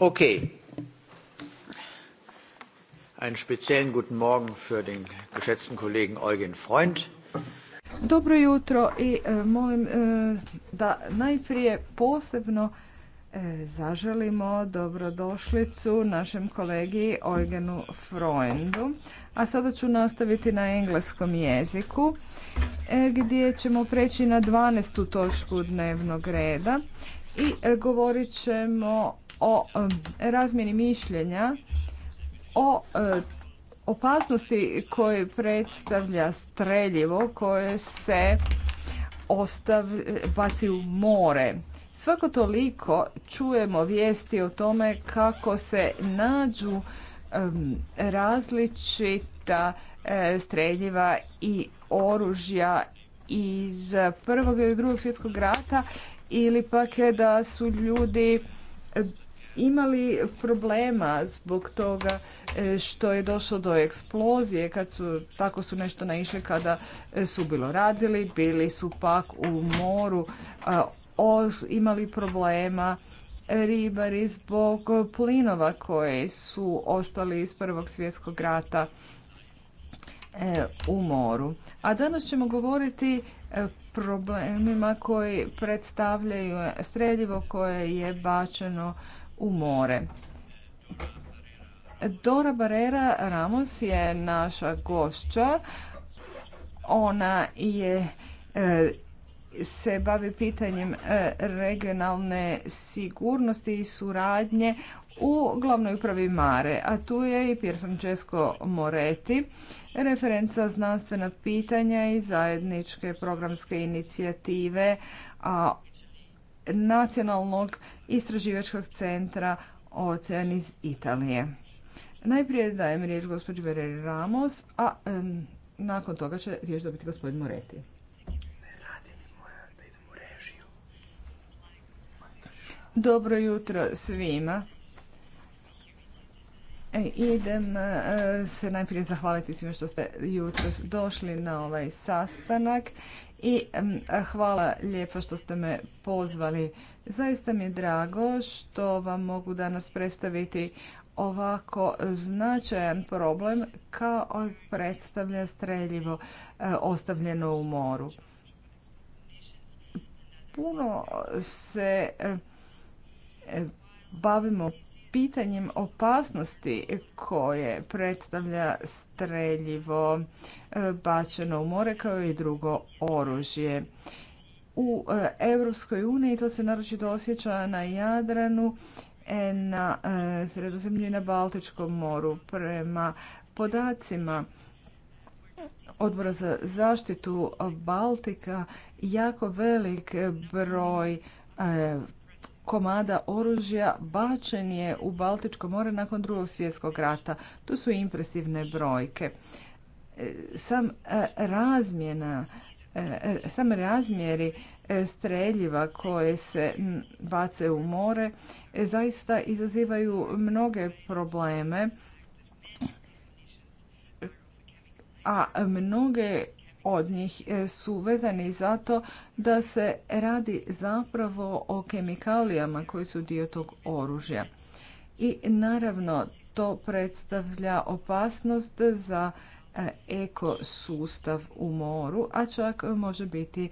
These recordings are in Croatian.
Okay. Einen speziellen guten Morgen für den geschätzten Kollegen Eugen Freund. Dobro jutro i e, molim e, da najprije posebno e, zaželimo dobrodošlicu našem kolegi Eugenu Freundu. A sada ću nastaviti na engleskom jeziku gdje ćemo preći na 12. točku dnevnog reda i e, govorit ćemo o e, razmjeni mišljenja o e, opasnosti koje predstavlja streljivo koje se baci u more. Svako toliko čujemo vijesti o tome kako se nađu različita streljiva i oružja iz Prvog i Drugog svjetskog rata ili pak da su ljudi e, imali problema zbog toga e, što je došlo do eksplozije kad su tako su nešto naišli kada e, su bilo radili bili su pak u moru imali problema ribari zbog plinova koji su ostali iz prvog svjetskog rata u moru. A danas ćemo govoriti problemima koji predstavljaju streljivo koje je bačeno u more. Dora Barrera Ramos je naša gošća. Ona je e, se bavi pitanjem e, regionalne sigurnosti i suradnje u glavnoj upravi Mare, a tu je i Pier Francesco Moretti, referenca znanstvena pitanja i zajedničke programske inicijative a Nacionalnog istraživačkog centra Ocean iz Italije. Najprije dajem riječ gospođi Bereri Ramos, a nakon toga će riječ dobiti gospodin Moretti. Dobro jutro svima. E, idem e, se najprije zahvaliti svima što ste jutros došli na ovaj sastanak i hvala lijepo što ste me pozvali. Zaista mi je drago što vam mogu danas predstaviti ovako značajan problem kao predstavlja streljivo e, ostavljeno u moru. Puno se bavimo pitanjem opasnosti koje predstavlja streljivo e, bačeno u more kao i drugo oružje. U e, Europskoj uniji to se naročito osjeća na Jadranu, e, na Sredozemlju i na Baltičkom moru. Prema podacima Odbora za zaštitu Baltika jako velik broj komada oružja bačen je u Baltičko more nakon drugog svjetskog rata. To su impresivne brojke. E, sam e, razmjena, e, sam razmjeri streljiva koje se bace u more zaista izazivaju mnoge probleme a mnoge od njih e, su vezani zato da se radi zapravo o kemikalijama koji su dio tog oružja. I naravno to predstavlja opasnost za e, ekosustav u moru, a čak može biti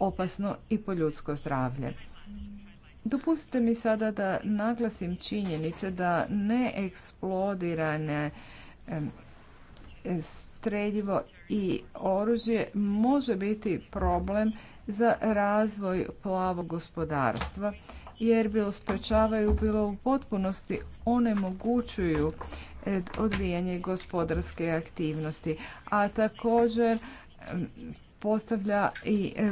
opasno i po ljudsko zdravlje. Dopustite mi sada da naglasim činjenice da neeksplodirane streljivo i oružje može biti problem za razvoj plavog gospodarstva jer bilo sprečavaju bilo u potpunosti onemogućuju e, odvijanje gospodarske aktivnosti, a također postavlja i e,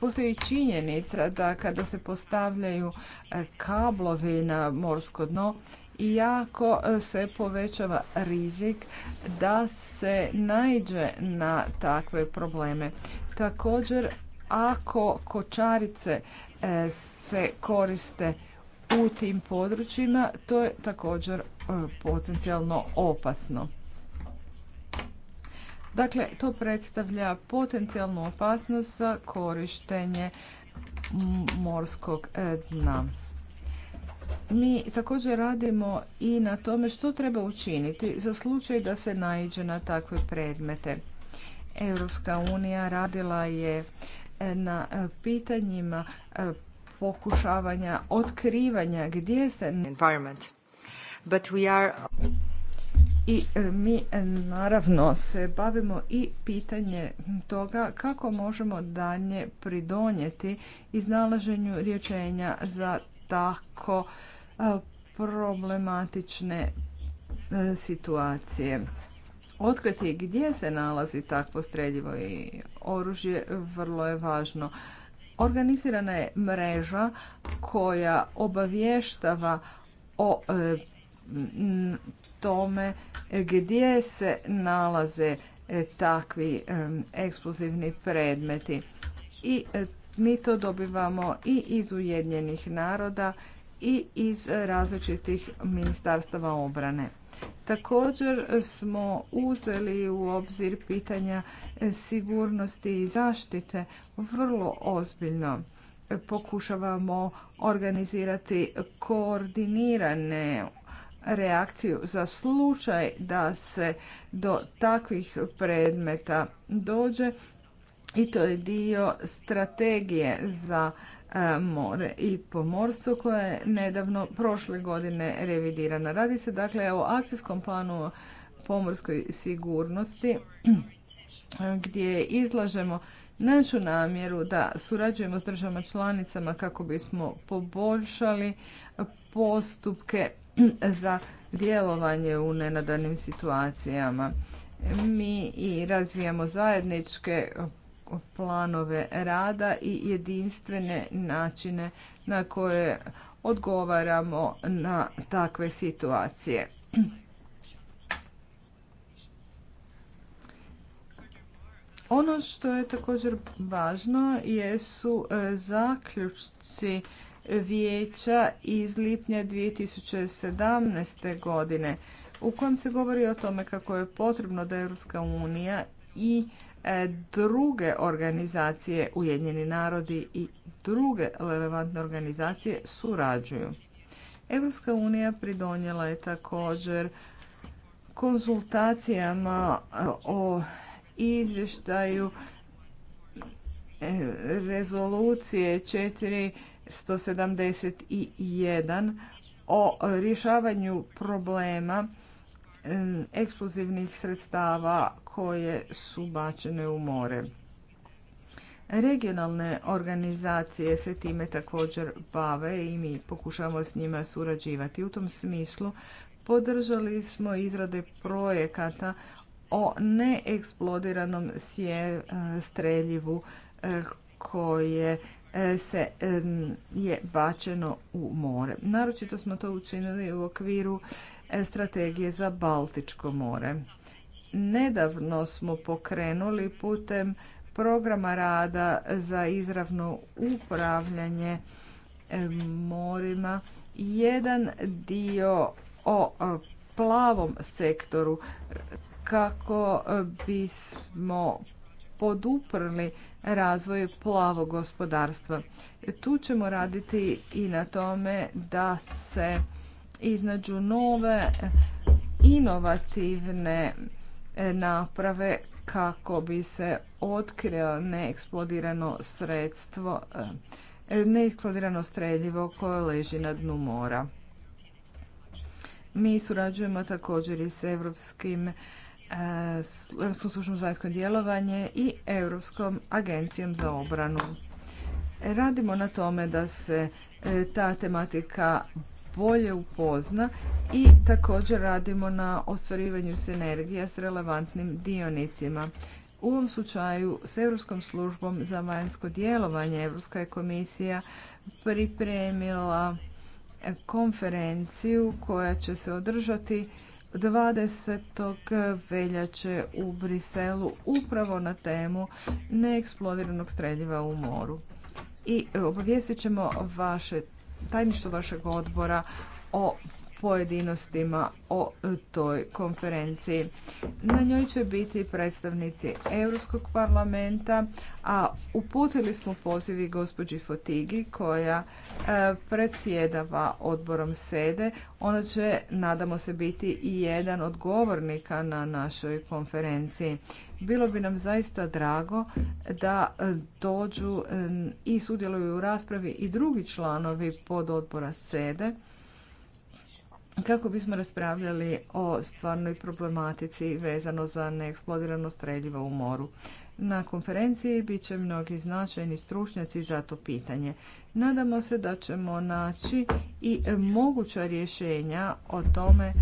postoji činjenica da kada se postavljaju e, kablovi na morsko dno, jako e, se povećava rizik da se naiđe na takve probleme. Također, ako kočarice e, se koriste u tim područjima, to je također potencijalno opasno. Dakle, to predstavlja potencijalnu opasnost za korištenje morskog e, dna. Mi također radimo i na tome što treba učiniti za slučaj da se naiđe na takve predmete. Europska unija radila je e, na e, pitanjima pokušavanja otkrivanja gdje se But we are i e, mi e, naravno se bavimo i pitanje toga kako možemo danje pridonijeti iznalaženju rješenja za tako e, problematične situacije. Otkriti gdje se nalazi takvo streljivo i oružje vrlo je važno. Organizirana je mreža koja obavještava o tome gdje se nalaze e, takvi eksplozivni predmeti. I e, mi to dobivamo i iz Ujedinjenih naroda i iz različitih ministarstava obrane. Također smo uzeli u obzir pitanja e, sigurnosti i zaštite vrlo ozbiljno. Pokušavamo organizirati koordinirane reakciju za slučaj da se do takvih predmeta dođe i to je dio strategije za e, more i pomorstvo koja je nedavno prošle godine revidirana. Radi se dakle o akcijskom planu pomorskoj sigurnosti gdje izlažemo našu namjeru da surađujemo s državama članicama kako bismo poboljšali postupke za djelovanje u nenadanim situacijama. Mi i razvijamo zajedničke planove rada i jedinstvene načine na koje odgovaramo na takve situacije. Ono što je također važno jesu e, zaključci vijeća iz lipnja 2017. godine u kojem se govori o tome kako je potrebno da Europska unija i e, druge organizacije, Ujedinjeni narodi i druge relevantne organizacije surađuju. Europska unija pridonijela je također konzultacijama e, o izvještaju e, rezolucije četiri 171 o rješavanju problema eksplozivnih sredstava koje su bačene u more. Regionalne organizacije se time također bave i mi pokušavamo s njima surađivati. U tom smislu podržali smo izrade projekata o neeksplodiranom e, streljivu e, koje E, se je bačeno u more. Naročito smo to učinili u okviru e, strategije za Baltičko more. Nedavno smo pokrenuli putem programa rada za izravno upravljanje e, morima jedan dio o plavom sektoru kako bismo poduprli razvoj plavog gospodarstva. E, tu ćemo raditi i na tome da se iznađu nove inovativne e, naprave kako bi se otkrio neeksplodirano sredstvo, e, neeksplodirano streljivo koje leži na dnu mora. Mi surađujemo također i s Europskim E, Europskom službom za vanjsko djelovanje i Europskom agencijom za obranu. Radimo na tome da se e, ta tematika bolje upozna i također radimo na ostvarivanju sinergija s relevantnim dionicima. U ovom slučaju s Europskom službom za vanjsko djelovanje Europska je komisija pripremila konferenciju koja će se održati 20. veljače u Briselu upravo na temu neeksplodiranog streljiva u moru. I e, obavijestit ćemo vaše, tajništvo vašeg odbora o pojedinostima o e, toj konferenciji. Na njoj će biti predstavnici Europskog parlamenta, a uputili smo pozivi gospođi Fotigi koja e, predsjedava odborom sede. Ona će, nadamo se, biti i jedan od govornika na našoj konferenciji. Bilo bi nam zaista drago da e, dođu i sudjeluju u raspravi i drugi članovi pododbora sede kako bismo raspravljali o stvarnoj problematici vezano za neeksplodirano streljivo u moru. Na konferenciji bit će mnogi značajni stručnjaci za to pitanje. Nadamo se da ćemo naći i moguća rješenja o tome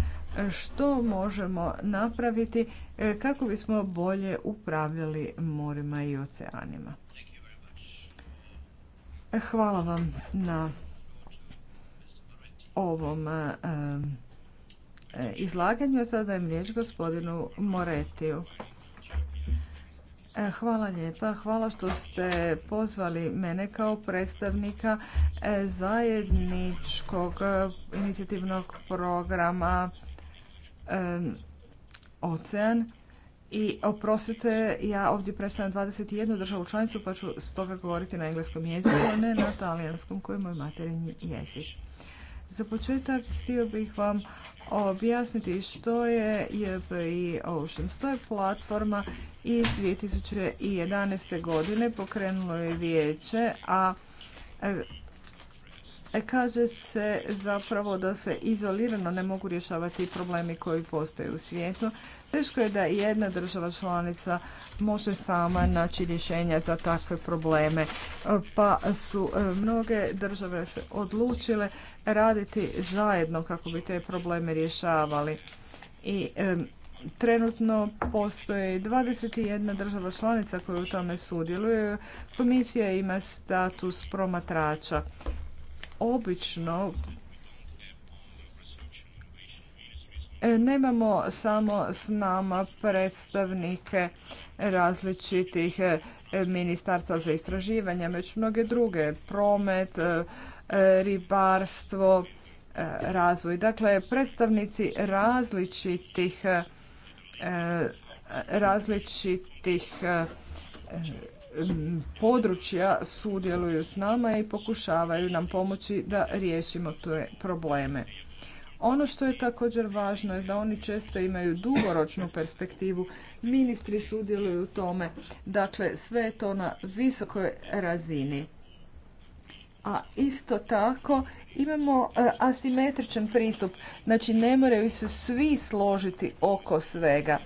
što možemo napraviti e, kako bismo bolje upravljali morima i oceanima. Hvala vam na ovom e, e, izlaganju. Sada je riječ gospodinu Moretiju. E, hvala lijepa. Hvala što ste pozvali mene kao predstavnika zajedničkog inicijativnog programa Ocean. I oprostite, ja ovdje predstavljam 21 državu članicu pa ću stoga govoriti na engleskom jeziku, a ne na talijanskom koji je moj materinji jezik. Za početak htio bih vam objasniti što je JPI Oceans. To je platforma iz 2011. godine pokrenulo je vijeće, a E, kaže se zapravo da se izolirano ne mogu rješavati problemi koji postoje u svijetu. Teško je da jedna država članica može sama naći rješenja za takve probleme, pa su e, mnoge države se odlučile raditi zajedno kako bi te probleme rješavali. I e, trenutno postoji 21 država članica koja u tome sudjeluje. Komisija ima status promatrača obično e, nemamo samo s nama predstavnike različitih e, ministarstva za istraživanje, već mnoge druge, promet, e, ribarstvo, razvoj. Dakle, predstavnici različitih različitih područja sudjeluju s nama i pokušavaju nam pomoći da riješimo te probleme. Ono što je također važno je da oni često imaju dugoročnu perspektivu. Ministri sudjeluju u tome. Dakle, sve je to na visokoj razini. A isto tako imamo e, asimetričan pristup. Znači, ne moraju se svi složiti oko svega.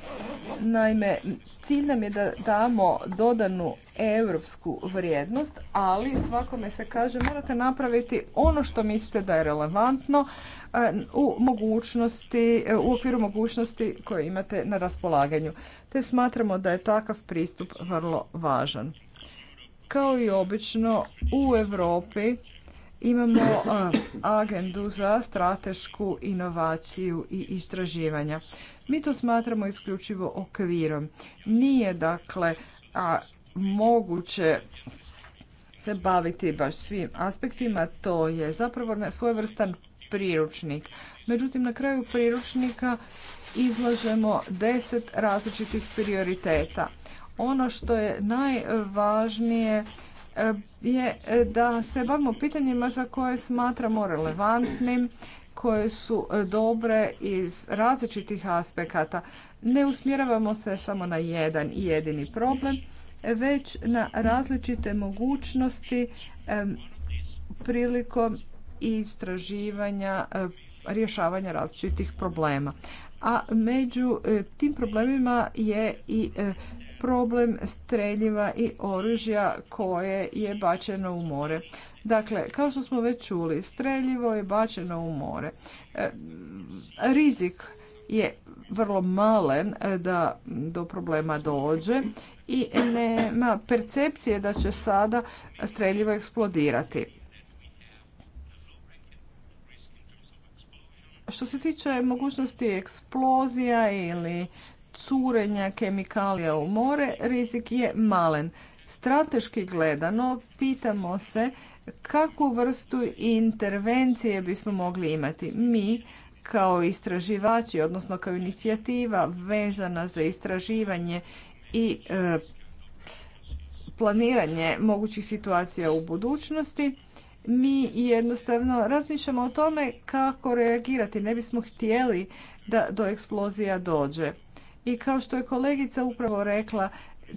Naime, cilj nam je da damo dodanu europsku vrijednost, ali svakome se kaže morate napraviti ono što mislite da je relevantno e, u mogućnosti, e, u okviru mogućnosti koje imate na raspolaganju. Te smatramo da je takav pristup vrlo važan. Kao i obično u Europi imamo e, agendu za stratešku inovaciju i istraživanja. Mi to smatramo isključivo okvirom. Nije dakle a moguće se baviti baš svim aspektima, to je zapravo svojevrstan priručnik. Međutim, na kraju priručnika izlažemo deset različitih prioriteta. Ono što je najvažnije eh, je eh, da se bavimo pitanjima za koje smatramo relevantnim, koje su eh, dobre iz različitih aspekata. Ne usmjeravamo se samo na jedan jedini problem, već na različite mogućnosti prilikom istraživanja rješavanja različitih problema. A među e, tim problemima je i e, problem streljiva i oružja koje je bačeno u more. Dakle, kao što smo već čuli, streljivo je bačeno u more. E, rizik je vrlo malen da do problema dođe i nema percepcije da će sada streljivo eksplodirati. Što se tiče mogućnosti eksplozija ili curenja kemikalija u more, rizik je malen. Strateški gledano, pitamo se kakvu vrstu intervencije bismo mogli imati. Mi, kao istraživači, odnosno kao inicijativa vezana za istraživanje i e, planiranje mogućih situacija u budućnosti, mi jednostavno razmišljamo o tome kako reagirati. Ne bismo htjeli da do eksplozija dođe. I kao što je kolegica upravo rekla,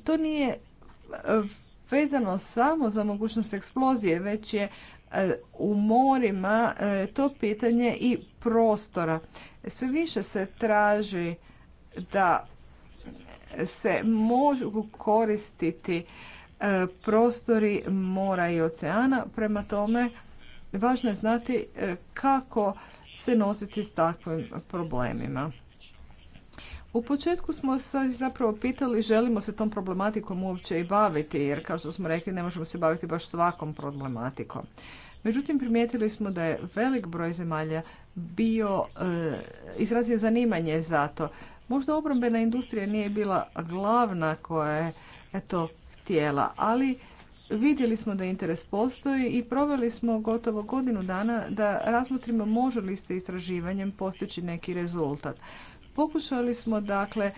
to nije e, vezano samo za mogućnost eksplozije, već je e, u morima to pitanje i prostora. Sve više se traži da se mogu koristiti e, prostori mora i oceana. Prema tome, važno je znati e, kako se nositi s takvim problemima. U početku smo se zapravo pitali želimo se tom problematikom uopće i baviti, jer kao što smo rekli ne možemo se baviti baš svakom problematikom. Međutim, primijetili smo da je velik broj zemalja bio, e, izrazio zanimanje za to. Možda obrambena industrija nije bila glavna koja je to htjela, ali vidjeli smo da interes postoji i proveli smo gotovo godinu dana da razmotrimo može li ste istraživanjem postići neki rezultat. Pokušali smo dakle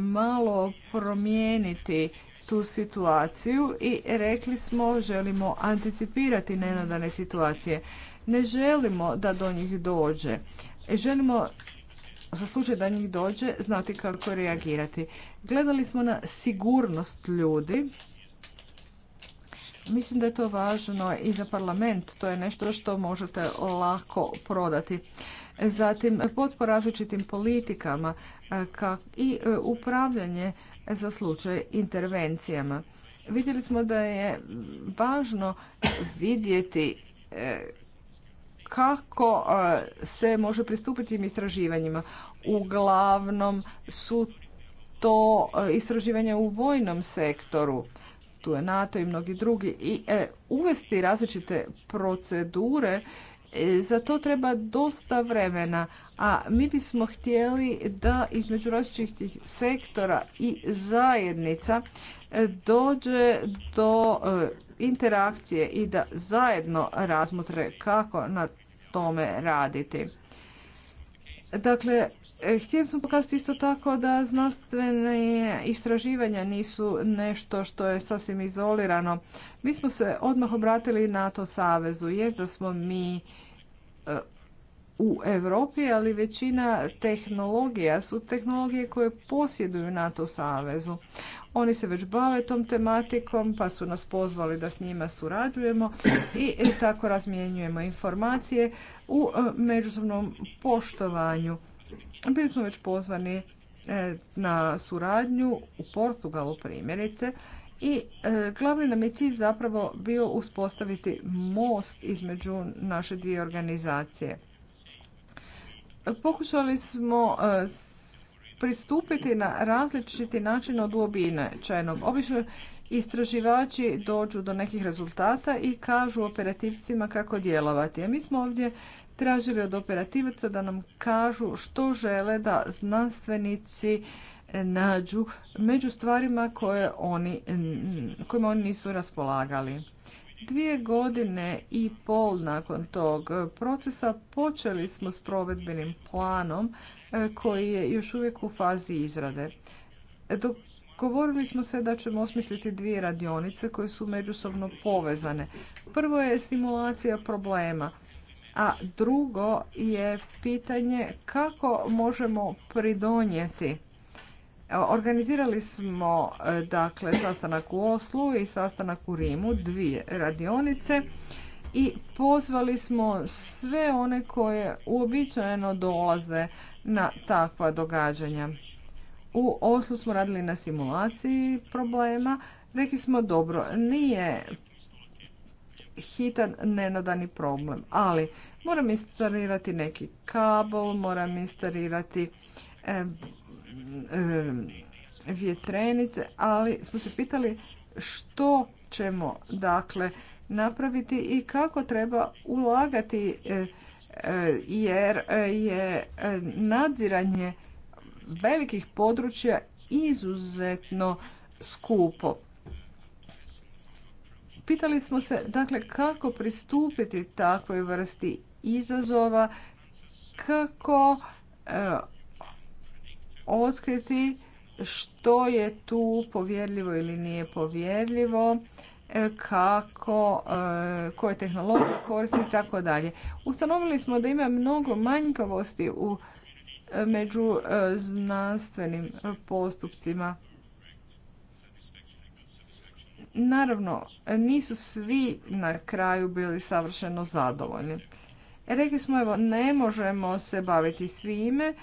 malo promijeniti tu situaciju i rekli smo želimo anticipirati nenadane situacije. Ne želimo da do njih dođe. Želimo za slučaj da njih dođe znati kako reagirati. Gledali smo na sigurnost ljudi. Mislim da je to važno i za parlament. To je nešto što možete lako prodati. Zatim potpora različitim politikama e, i e, upravljanje za slučaj intervencijama. Vidjeli smo da je važno vidjeti e, kako e, se može pristupiti tim istraživanjima. Uglavnom su to e, istraživanja u vojnom sektoru, tu je NATO i mnogi drugi, i e, uvesti različite procedure, za to treba dosta vremena, a mi bismo htjeli da između različitih sektora i zajednica dođe do interakcije i da zajedno razmotre kako na tome raditi. Dakle, htjeli smo pokazati isto tako da znanstvene istraživanja nisu nešto što je sasvim izolirano. Mi smo se odmah obratili NATO savezu jer da smo mi e, u Europi, ali većina tehnologija su tehnologije koje posjeduju NATO savezu. Oni se već bave tom tematikom, pa su nas pozvali da s njima surađujemo i tako razmjenjujemo informacije u e, međusobnom poštovanju. Bili smo već pozvani e, na suradnju u Portugalu primjerice i e, glavni nam je cilj zapravo bio uspostaviti most između naše dvije organizacije pokušali smo e, pristupiti na različiti način od uobičajenog. Obično istraživači dođu do nekih rezultata i kažu operativcima kako djelovati. A mi smo ovdje tražili od operativaca da nam kažu što žele da znanstvenici e, nađu među stvarima koje oni, kojima oni nisu raspolagali. Dvije godine i pol nakon tog procesa počeli smo s provedbenim planom e, koji je još uvijek u fazi izrade. Govorili smo se da ćemo osmisliti dvije radionice koje su međusobno povezane. Prvo je simulacija problema, a drugo je pitanje kako možemo pridonijeti Organizirali smo e, dakle sastanak u Oslu i sastanak u Rimu, dvije radionice i pozvali smo sve one koje uobičajeno dolaze na takva događanja. U Oslu smo radili na simulaciji problema. Rekli smo dobro, nije hitan, nenadani problem, ali moram instalirati neki kabel, moram instalirati e, E, vjetrenice, ali smo se pitali što ćemo dakle napraviti i kako treba ulagati e, e, jer je nadziranje velikih područja izuzetno skupo. Pitali smo se dakle kako pristupiti takvoj vrsti izazova, kako otkriti što je tu povjerljivo ili nije povjerljivo, e, kako, e, koje tehnologije koristi i tako dalje. Ustanovili smo da ima mnogo manjkavosti u e, među znanstvenim postupcima. Naravno, nisu svi na kraju bili savršeno zadovoljni. Rekli smo, evo, ne možemo se baviti svime,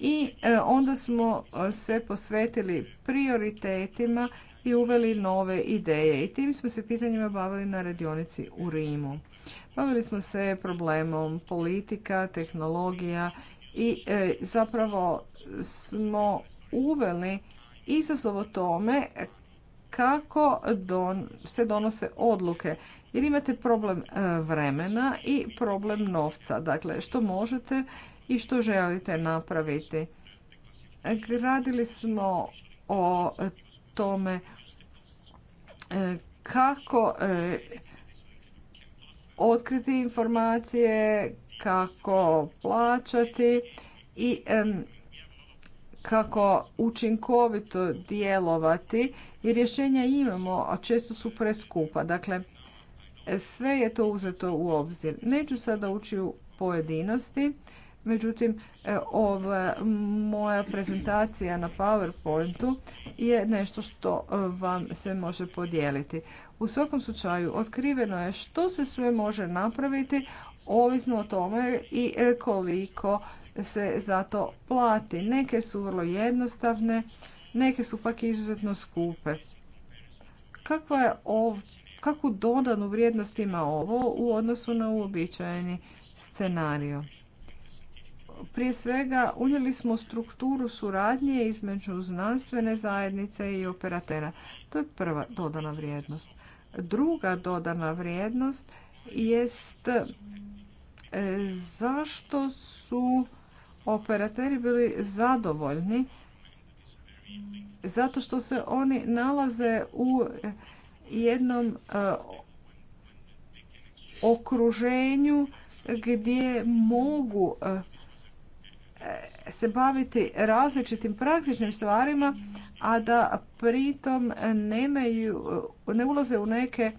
i e, onda smo e, se posvetili prioritetima i uveli nove ideje. I tim smo se pitanjima bavili na radionici u Rimu. Bavili smo se problemom politika, tehnologija i e, zapravo smo uveli izazov o tome kako se donose odluke. Jer imate problem vremena i problem novca. Dakle, što možete i što želite napraviti. Radili smo o tome e, kako e, otkriti informacije, kako plaćati i e, kako učinkovito djelovati i rješenja imamo, a često su preskupa. Dakle, sve je to uzeto u obzir. Neću sada ući u pojedinosti, Međutim, e, ova moja prezentacija na PowerPointu je nešto što e, vam se može podijeliti. U svakom slučaju, otkriveno je što se sve može napraviti, ovisno o tome i e, koliko se za to plati. Neke su vrlo jednostavne, neke su pak izuzetno skupe. Kakva je ov kakvu dodanu vrijednost ima ovo u odnosu na uobičajeni scenario? prije svega unijeli smo strukturu suradnje između znanstvene zajednice i operatera. To je prva dodana vrijednost. Druga dodana vrijednost jest e, zašto su operateri bili zadovoljni zato što se oni nalaze u e, jednom e, okruženju gdje mogu se baviti različitim praktičnim stvarima, a da pritom nemaju, ne ulaze u neke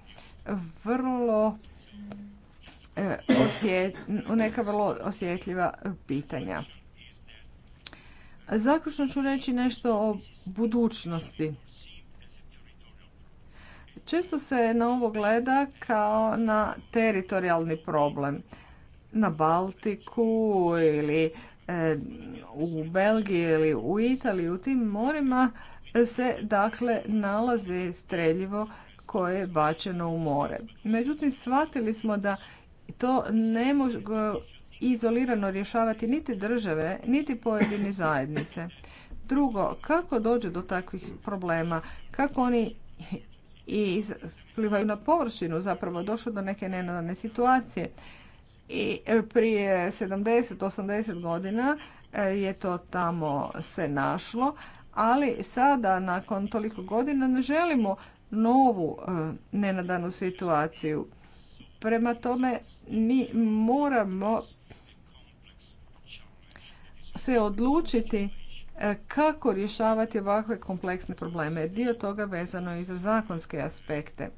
vrlo eh, u neka vrlo osjetljiva pitanja. Zaključno ću reći nešto o budućnosti. Često se na ovo gleda kao na teritorijalni problem. Na Baltiku ili u Belgiji ili u Italiji, u tim morima se dakle nalazi streljivo koje je bačeno u more. Međutim, shvatili smo da to ne može izolirano rješavati niti države, niti pojedine zajednice. Drugo, kako dođe do takvih problema? Kako oni i na površinu zapravo došlo do neke nenadane situacije? i e, prije 70-80 godina e, je to tamo se našlo, ali sada nakon toliko godina ne želimo novu e, nenadanu situaciju. Prema tome mi moramo se odlučiti kako rješavati ovakve kompleksne probleme. Dio toga vezano i za zakonske aspekte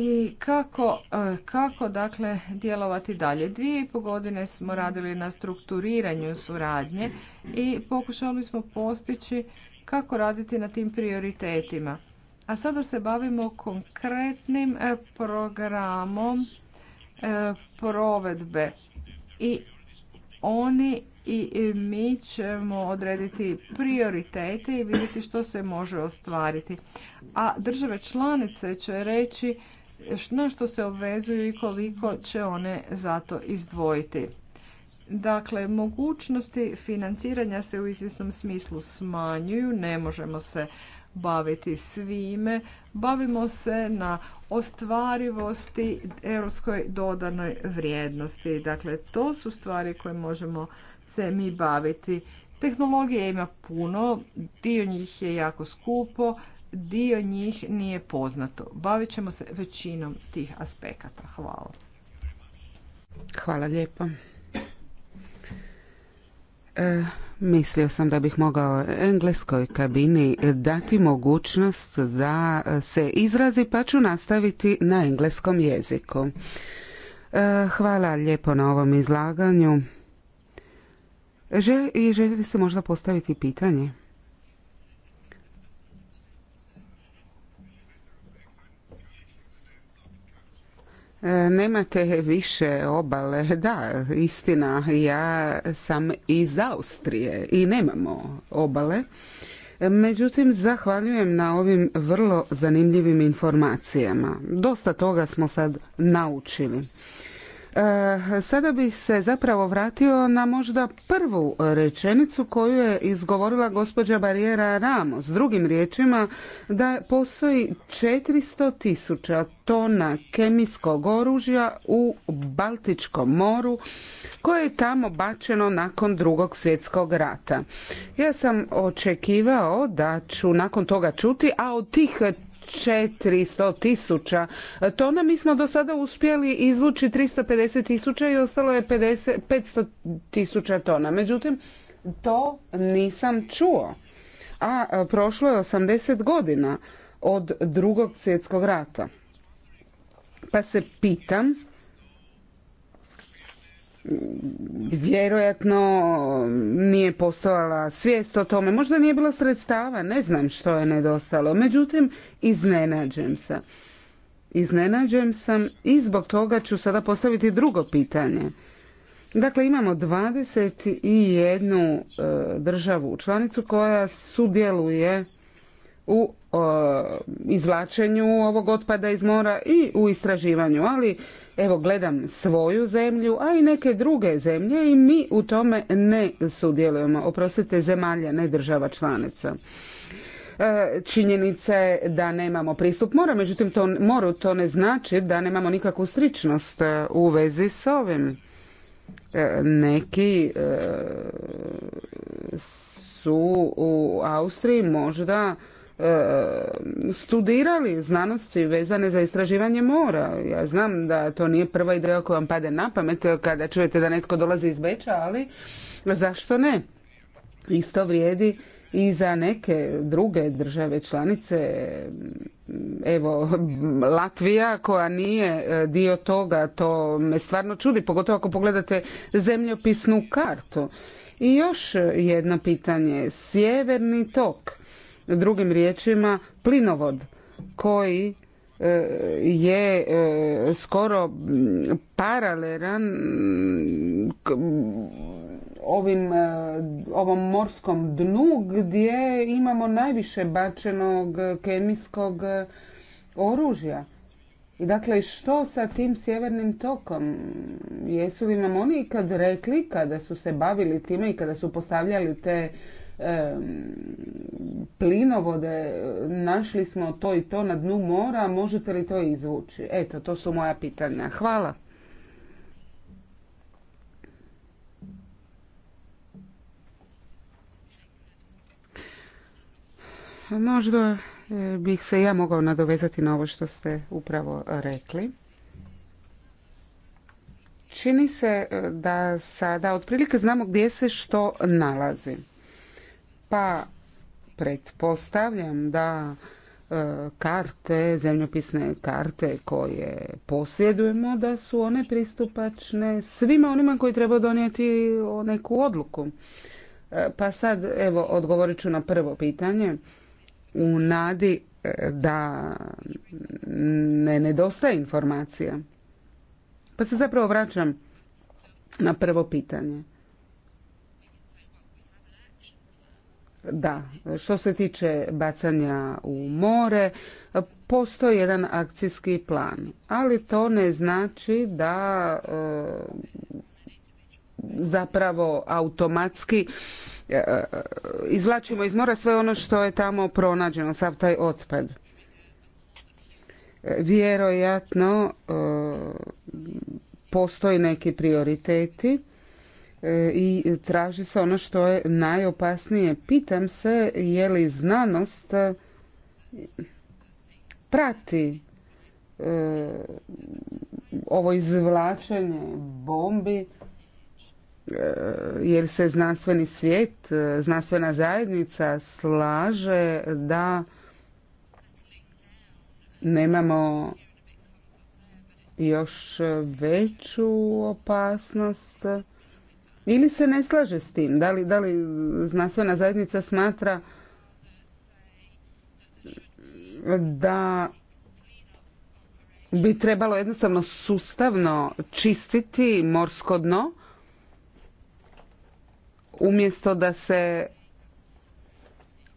i kako, e, kako dakle djelovati dalje. Dvije i po godine smo radili na strukturiranju suradnje i pokušali smo postići kako raditi na tim prioritetima. A sada se bavimo konkretnim e, programom e, provedbe i oni i mi ćemo odrediti prioritete i vidjeti što se može ostvariti. A države članice će reći na što se obvezuju i koliko će one za to izdvojiti. Dakle, mogućnosti financiranja se u izvjesnom smislu smanjuju, ne možemo se baviti svime. Bavimo se na ostvarivosti europskoj dodanoj vrijednosti. Dakle, to su stvari koje možemo se mi baviti. Tehnologije ima puno, dio njih je jako skupo, dio njih nije poznato. Bavit ćemo se većinom tih aspekata. Hvala. Hvala lijepo. E, mislio sam da bih mogao engleskoj kabini dati mogućnost da se izrazi pa ću nastaviti na engleskom jeziku. E, hvala lijepo na ovom izlaganju. Želi, želite ste možda postaviti pitanje? E, nemate više obale. Da, istina, ja sam iz Austrije i nemamo obale. Međutim, zahvaljujem na ovim vrlo zanimljivim informacijama. Dosta toga smo sad naučili. Eh, sada bih se zapravo vratio na možda prvu rečenicu koju je izgovorila gospođa Barijera Ramos. Drugim riječima da postoji 400 tisuća tona kemijskog oružja u Baltičkom moru koje je tamo bačeno nakon drugog svjetskog rata. Ja sam očekivao da ću nakon toga čuti, a od tih 400 tisuća tona. Mi smo do sada uspjeli izvući 350 tisuća i ostalo je 50, 500 tisuća tona. Međutim, to nisam čuo. A e, prošlo je 80 godina od drugog svjetskog rata. Pa se pitam vjerojatno nije postojala svijest o tome, možda nije bilo sredstava, ne znam što je nedostalo. Međutim, iznenađujem se. Iznenađujem sam i zbog toga ću sada postaviti drugo pitanje. Dakle, imamo 21 e, državu članicu koja sudjeluje u e, izvlačenju ovog otpada iz mora i u istraživanju, ali Evo gledam svoju zemlju, a i neke druge zemlje i mi u tome ne sudjelujemo. Oprostite, zemalja, ne država članica e, činjenica je da nemamo pristup mora, međutim to, moru to ne znači da nemamo nikakvu stričnost e, u vezi s ovim. E, neki su u Austriji možda E, studirali znanosti vezane za istraživanje mora. Ja znam da to nije prva ideja koja vam pade na pamet kada čujete da netko dolazi iz Beča, ali zašto ne? Isto vrijedi i za neke druge države članice evo Latvija koja nije dio toga to me stvarno čudi pogotovo ako pogledate zemljopisnu kartu i još jedno pitanje sjeverni tok drugim riječima plinovod koji e, je e, skoro paralelan ovim, e, ovom morskom dnu gdje imamo najviše bačenog kemijskog oružja. I dakle, što sa tim sjevernim tokom? Jesu li nam oni kad rekli, kada su se bavili time i kada su postavljali te plinovode, našli smo to i to na dnu mora, možete li to izvući? Eto, to su moja pitanja. Hvala. Možda e, bih se ja mogao nadovezati na ovo što ste upravo rekli. Čini se e, da sada otprilike znamo gdje se što nalazi. Pa pretpostavljam da e, karte, zemljopisne karte koje posjedujemo, da su one pristupačne svima onima koji treba donijeti neku odluku. E, pa sad, evo, odgovorit ću na prvo pitanje. U nadi e, da ne nedostaje informacija. Pa se zapravo vraćam na prvo pitanje. Da, što se tiče bacanja u more, postoji jedan akcijski plan, ali to ne znači da e, zapravo automatski e, izvlačimo iz mora sve ono što je tamo pronađeno, sav taj otpad. Vjerojatno e, postoji neki prioriteti E, i traži se ono što je najopasnije. Pitam se je li znanost e, prati e, ovo izvlačenje bombi jer se znanstveni svijet, znanstvena zajednica slaže da nemamo još veću opasnost ili se ne slaže s tim. Da li, da li znanstvena zajednica smatra da bi trebalo jednostavno sustavno čistiti morsko dno umjesto da se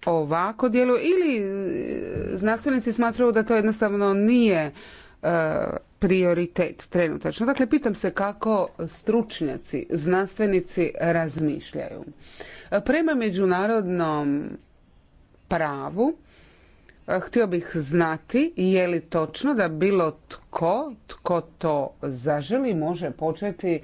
ovako djeluje ili znanstvenici smatraju da to jednostavno nije e, prioritet trenutačno. Dakle, pitam se kako stručnjaci, znanstvenici razmišljaju. Prema međunarodnom pravu, htio bih znati je li točno da bilo tko, tko to zaželi, može početi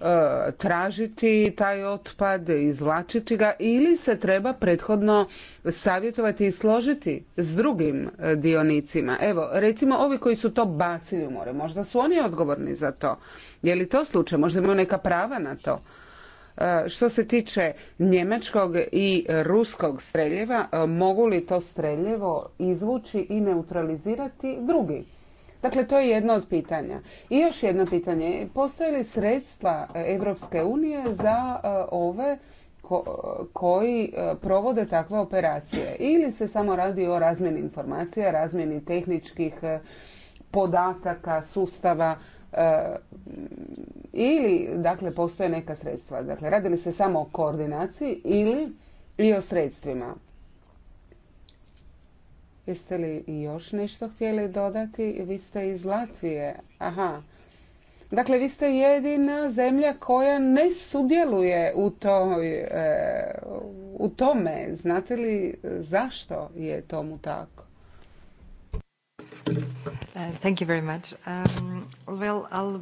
E, tražiti taj otpad, izvlačiti ga ili se treba prethodno savjetovati i složiti s drugim e, dionicima. Evo, recimo ovi koji su to bacili u more, možda su oni odgovorni za to. Je li to slučaj? Možda imaju neka prava na to. E, što se tiče njemačkog i ruskog streljeva, mogu li to streljevo izvući i neutralizirati drugi? Dakle, to je jedno od pitanja. I još jedno pitanje. Postoje li sredstva Europske unije za e, ove koji e, provode takve operacije? Ili se samo radi o razmjeni informacija, razmjeni tehničkih e, podataka, sustava, ili dakle postoje neka sredstva. Dakle, radi li se samo o koordinaciji ili i o sredstvima. Jeste li još nešto htjeli dodati? Vi ste iz Latvije. Aha. Dakle, vi ste jedina zemlja koja ne sudjeluje u, toj, e, u tome. Znate li zašto je tomu tako? Uh, thank you very much. Um, well, I'll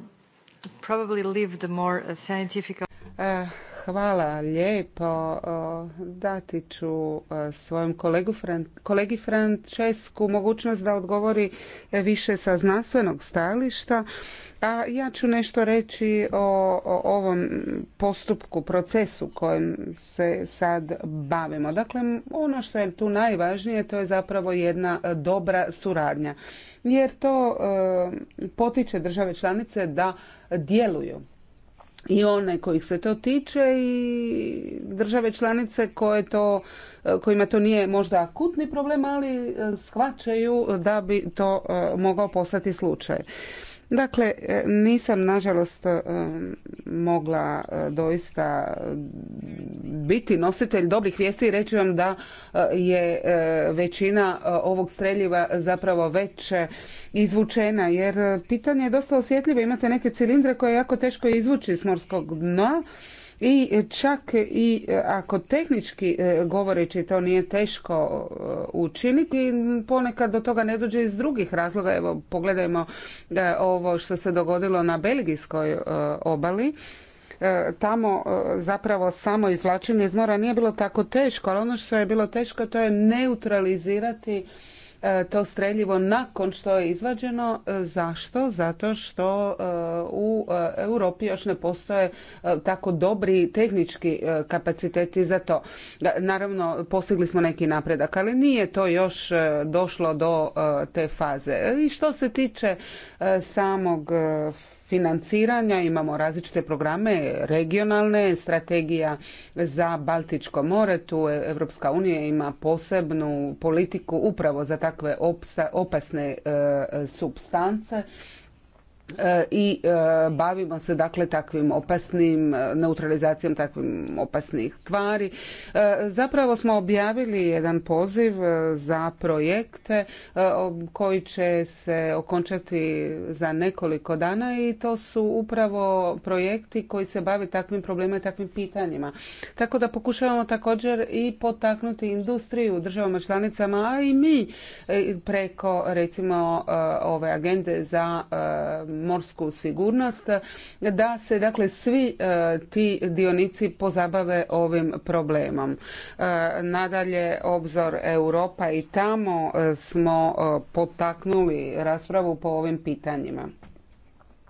probably leave the more uh, scientific Eh, hvala lijepo. Dati ću e, svojom kolegi Francesku mogućnost da odgovori e, više sa znanstvenog stajališta. A ja ću nešto reći o, o ovom postupku, procesu kojem se sad bavimo. Dakle, ono što je tu najvažnije, to je zapravo jedna e, dobra suradnja. Jer to potiče države članice da djeluju i one kojih se to tiče i države članice koje to, e, kojima to nije možda akutni problem, ali e, shvaćaju da bi to e, mogao postati slučaj. Dakle, e, nisam nažalost e, mogla e, doista biti nositelj dobrih vijesti i reći vam da je većina ovog streljiva zapravo već izvučena jer pitanje je dosta osjetljivo. Imate neke cilindre koje je jako teško izvući s morskog dna i čak i e, ako tehnički e, govoreći to nije teško e, učiniti, ponekad do toga ne dođe iz drugih razloga. Evo, pogledajmo ovo što se dogodilo na belgijskoj obali tamo zapravo samo izvlačenje iz mora nije bilo tako teško, ali ono što je bilo teško to je neutralizirati E, to streljivo nakon što je izvađeno. E, zašto? Zato što e, u Europi još ne postoje tako dobri tehnički kapaciteti za to. Naravno, postigli smo neki napredak, ali nije to još došlo do te faze. I što se tiče samog financiranja, imamo različite programe regionalne, strategija za Baltičko more, tu Evropska unija ima posebnu politiku upravo za takve opasne e, e, substance. E, i e, bavimo se dakle takvim opasnim e, neutralizacijom takvim opasnih tvari. Zapravo smo objavili jedan poziv za projekte koji će se okončati za nekoliko dana i to su upravo projekti koji se bave takvim problemima i takvim pitanjima. Tako da pokušavamo također i potaknuti industriju u državama članicama, a i mi preko recimo ove agende za morsku sigurnost, da se dakle svi e, ti dionici pozabave ovim problemom. E, nadalje, obzor Europa i tamo e, smo potaknuli raspravu po ovim pitanjima.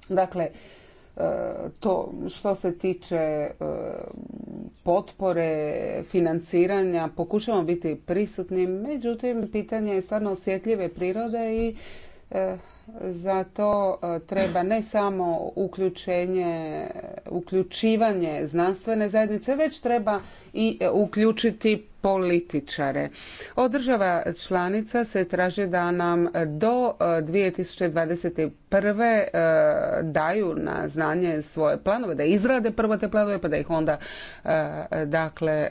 Dakle, to što se tiče potpore, financiranja, pokušamo biti prisutni, međutim, pitanje je stvarno osjetljive prirode i za to e, treba ne samo uključenje, uključivanje znanstvene zajednice, već treba i e, uključiti političare. Od država članica se traži da nam do 2021. E, daju na znanje svoje planove, da izrade prvo te planove pa da ih onda dakle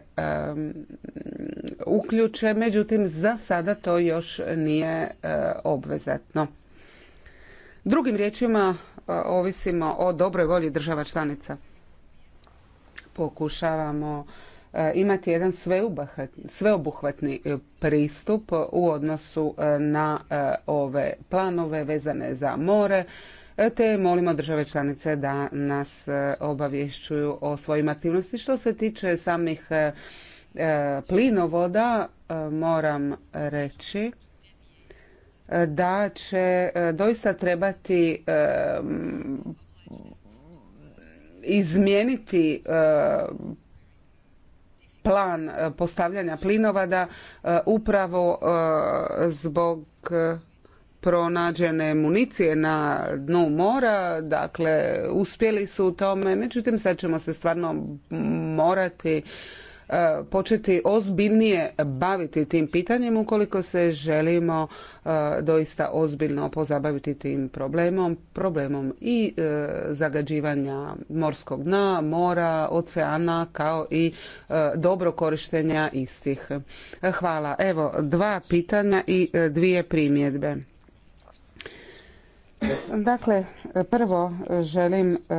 uključe. Međutim, za sada to još nije obvezatno. Drugim riječima, e, ovisimo o dobroj volji država članica. Pokušavamo e, imati jedan sveobuhvatni e, pristup u odnosu na ove planove vezane za more, te molimo države članice da nas obavješćuju o svojim aktivnosti. Što se tiče samih plinovoda, moram reći da će e, doista trebati e, izmijeniti e, plan postavljanja plinovada upravo zbog pronađene municije na dnu mora, dakle uspjeli su u tome, međutim sad ćemo se stvarno morati E, početi ozbiljnije baviti tim pitanjem ukoliko se želimo e, doista ozbiljno pozabaviti tim problemom, problemom i e, zagađivanja morskog dna, mora, oceana kao i dobro korištenja istih. Hvala. Evo dva pitanja i dvije primjedbe. Dakle, prvo e, želim e, e,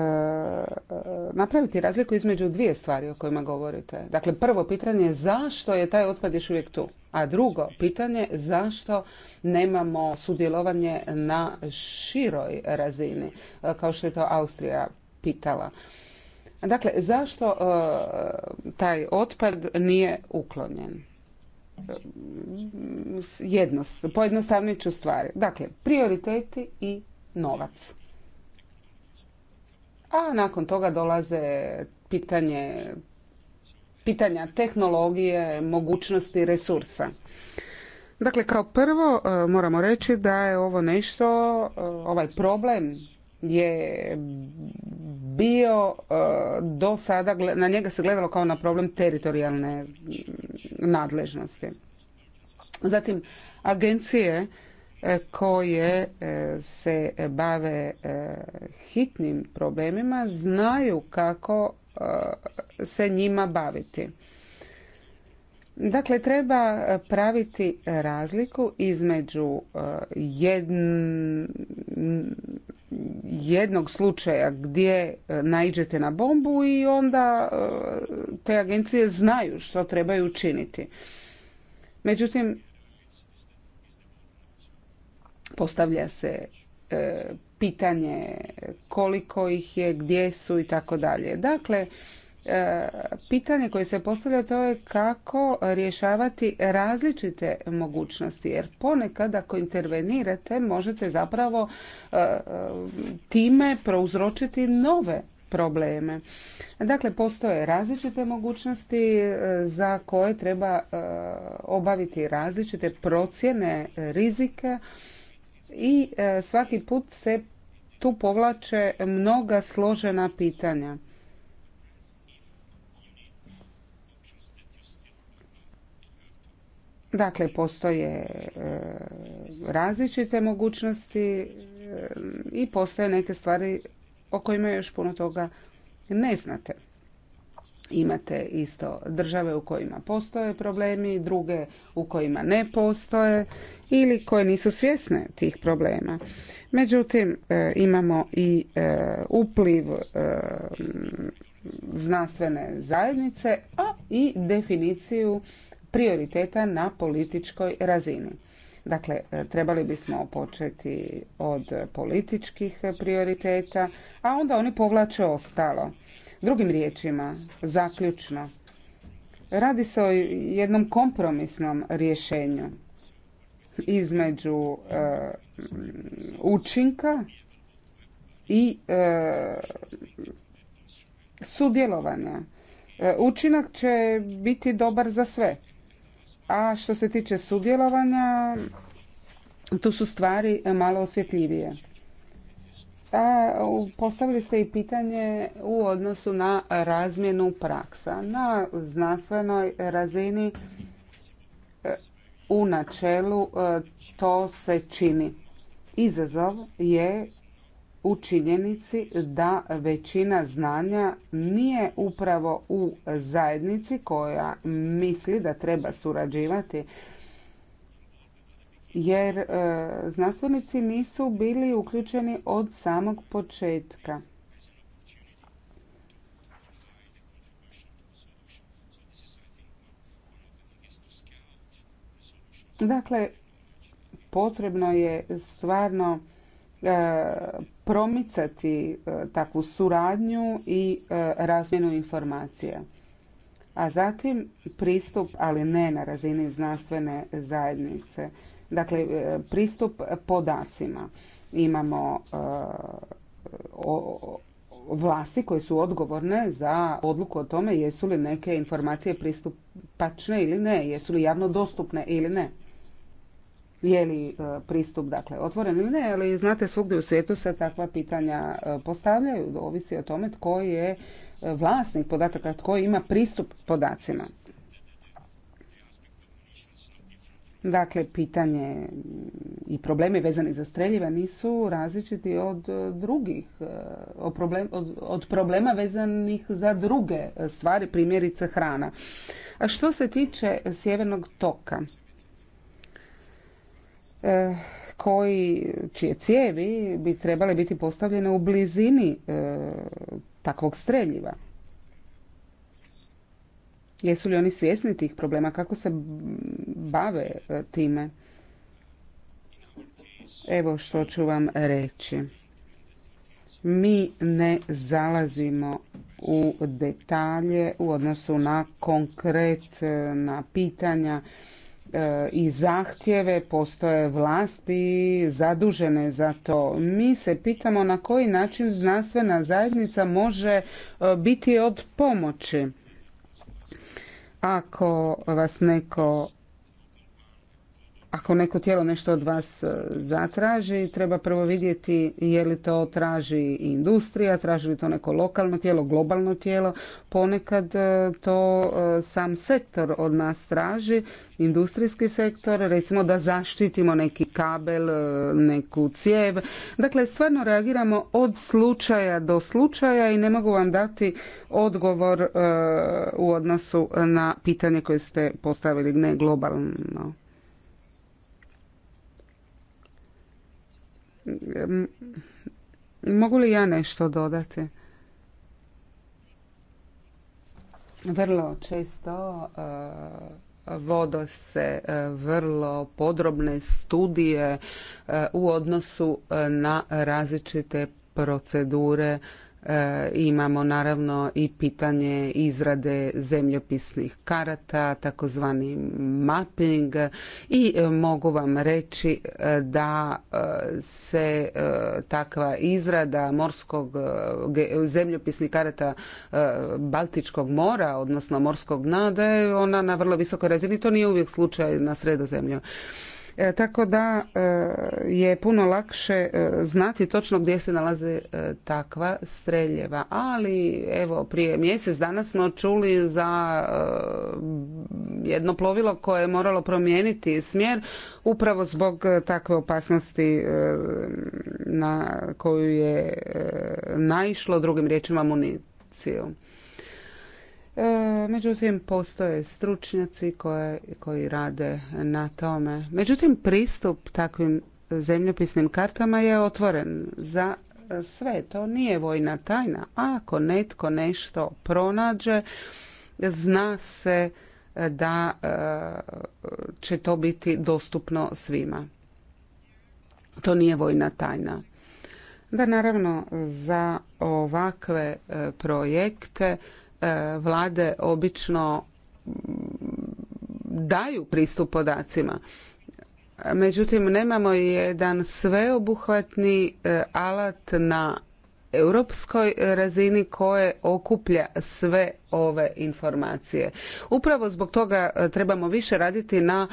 napraviti razliku između dvije stvari o kojima govorite. Dakle, prvo pitanje je zašto je taj otpad još uvijek tu, a drugo pitanje je zašto nemamo sudjelovanje na široj razini, kao što je to Austrija pitala. Dakle, zašto taj otpad nije uklonjen? jednost, pojednostavnit ću stvari. Dakle, prioriteti i novac. A nakon toga dolaze pitanje, pitanja tehnologije, mogućnosti, resursa. Dakle, kao prvo e, moramo reći da je ovo nešto, e, ovaj problem je bio e, do sada, na njega se gledalo kao na problem teritorijalne nadležnosti. Zatim, agencije e, koje e, se bave hitnim problemima znaju kako se njima baviti. Dakle, treba praviti razliku između jedn jednog slučaja gdje e, naiđete na bombu i onda e, te agencije znaju što trebaju učiniti. Međutim, postavlja se e, pitanje koliko ih je, gdje su i tako dalje. Dakle, pitanje koje se postavlja to je kako rješavati različite mogućnosti jer ponekad ako intervenirate možete zapravo e, e, time prouzročiti nove probleme. Dakle, postoje različite mogućnosti e, za koje treba obaviti različite procjene rizike i svaki put se tu povlače mnoga složena pitanja. Dakle, postoje e, različite mogućnosti e, i postoje neke stvari o kojima još puno toga ne znate. Imate isto države u kojima postoje problemi, druge u kojima ne postoje ili koje nisu svjesne tih problema. Međutim, e, imamo i upliv znanstvene zajednice, a i definiciju prioriteta na političkoj razini. Dakle, e, trebali bismo početi od političkih prioriteta, a onda oni povlače ostalo. Drugim riječima, zaključno, radi se o jednom kompromisnom rješenju između e, učinka i e, sudjelovanja. Učinak će biti dobar za sve. A što se tiče sudjelovanja, tu su stvari malo osjetljivije. A postavili ste i pitanje u odnosu na razmjenu praksa. Na znanstvenoj razini e, u načelu e, to se čini. Izazov je u činjenici da većina znanja nije upravo u zajednici koja misli da treba surađivati jer e, znanstvenici nisu bili uključeni od samog početka. Dakle, potrebno je stvarno E, promicati e, takvu suradnju i e, razmjenu informacija. A zatim pristup, ali ne na razini znanstvene zajednice. Dakle, pristup podacima. Imamo vlasti koje su odgovorne za odluku o tome jesu li neke informacije pristupačne ili ne, jesu li javno dostupne ili ne je e, pristup dakle, otvoren ili ne, ali znate svugdje u svijetu se takva pitanja e, postavljaju, ovisi o tome tko je e, vlasnik podataka, tko ima pristup podacima. Dakle, pitanje i problemi vezani za streljiva nisu različiti od drugih, od, od problema vezanih za druge stvari, primjerice hrana. A što se tiče sjevernog toka, E, koji, čije cijevi bi trebale biti postavljene u blizini e, takvog streljiva. Jesu li oni svjesni tih problema? Kako se bave e, time? Evo što ću vam reći. Mi ne zalazimo u detalje u odnosu na konkretna pitanja E, i zahtjeve, postoje vlasti zadužene za to. Mi se pitamo na koji način znanstvena zajednica može e, biti od pomoći. Ako vas neko ako neko tijelo nešto od vas e, zatraži, treba prvo vidjeti je li to traži industrija, traži li to neko lokalno tijelo, globalno tijelo. Ponekad e, to e, sam sektor od nas traži, industrijski sektor, recimo da zaštitimo neki kabel, neku cijev. Dakle, stvarno reagiramo od slučaja do slučaja i ne mogu vam dati odgovor u odnosu na pitanje koje ste postavili, ne globalno. Mogu li ja nešto dodati? Vrlo često eh, vodo se eh, vrlo podrobne studije eh, u odnosu na različite procedure E, imamo naravno i pitanje izrade zemljopisnih karata, takozvani mapping i e, mogu vam reći e, da se takva izrada morskog zemljopisnih karata Baltičkog mora, odnosno morskog dna, da je ona na vrlo visokoj razini. To nije uvijek slučaj na sredozemlju. E, tako da e, je puno lakše e, znati točno gdje se nalaze takva streljeva. Ali evo prije mjesec danas smo čuli za jedno plovilo koje je moralo promijeniti smjer upravo zbog takve opasnosti na koju je naišlo drugim riječima municijom. E, međutim, postoje stručnjaci koje, koji rade na tome. Međutim, pristup takvim zemljopisnim kartama je otvoren za sve. To nije vojna tajna. Ako netko nešto pronađe, zna se e, da e, će to biti dostupno svima. To nije vojna tajna. Da, naravno, za ovakve projekte E, vlade obično daju pristup podacima. Međutim, nemamo jedan sveobuhvatni e, alat na europskoj razini koje okuplja sve ove informacije. Upravo zbog toga e, trebamo više raditi na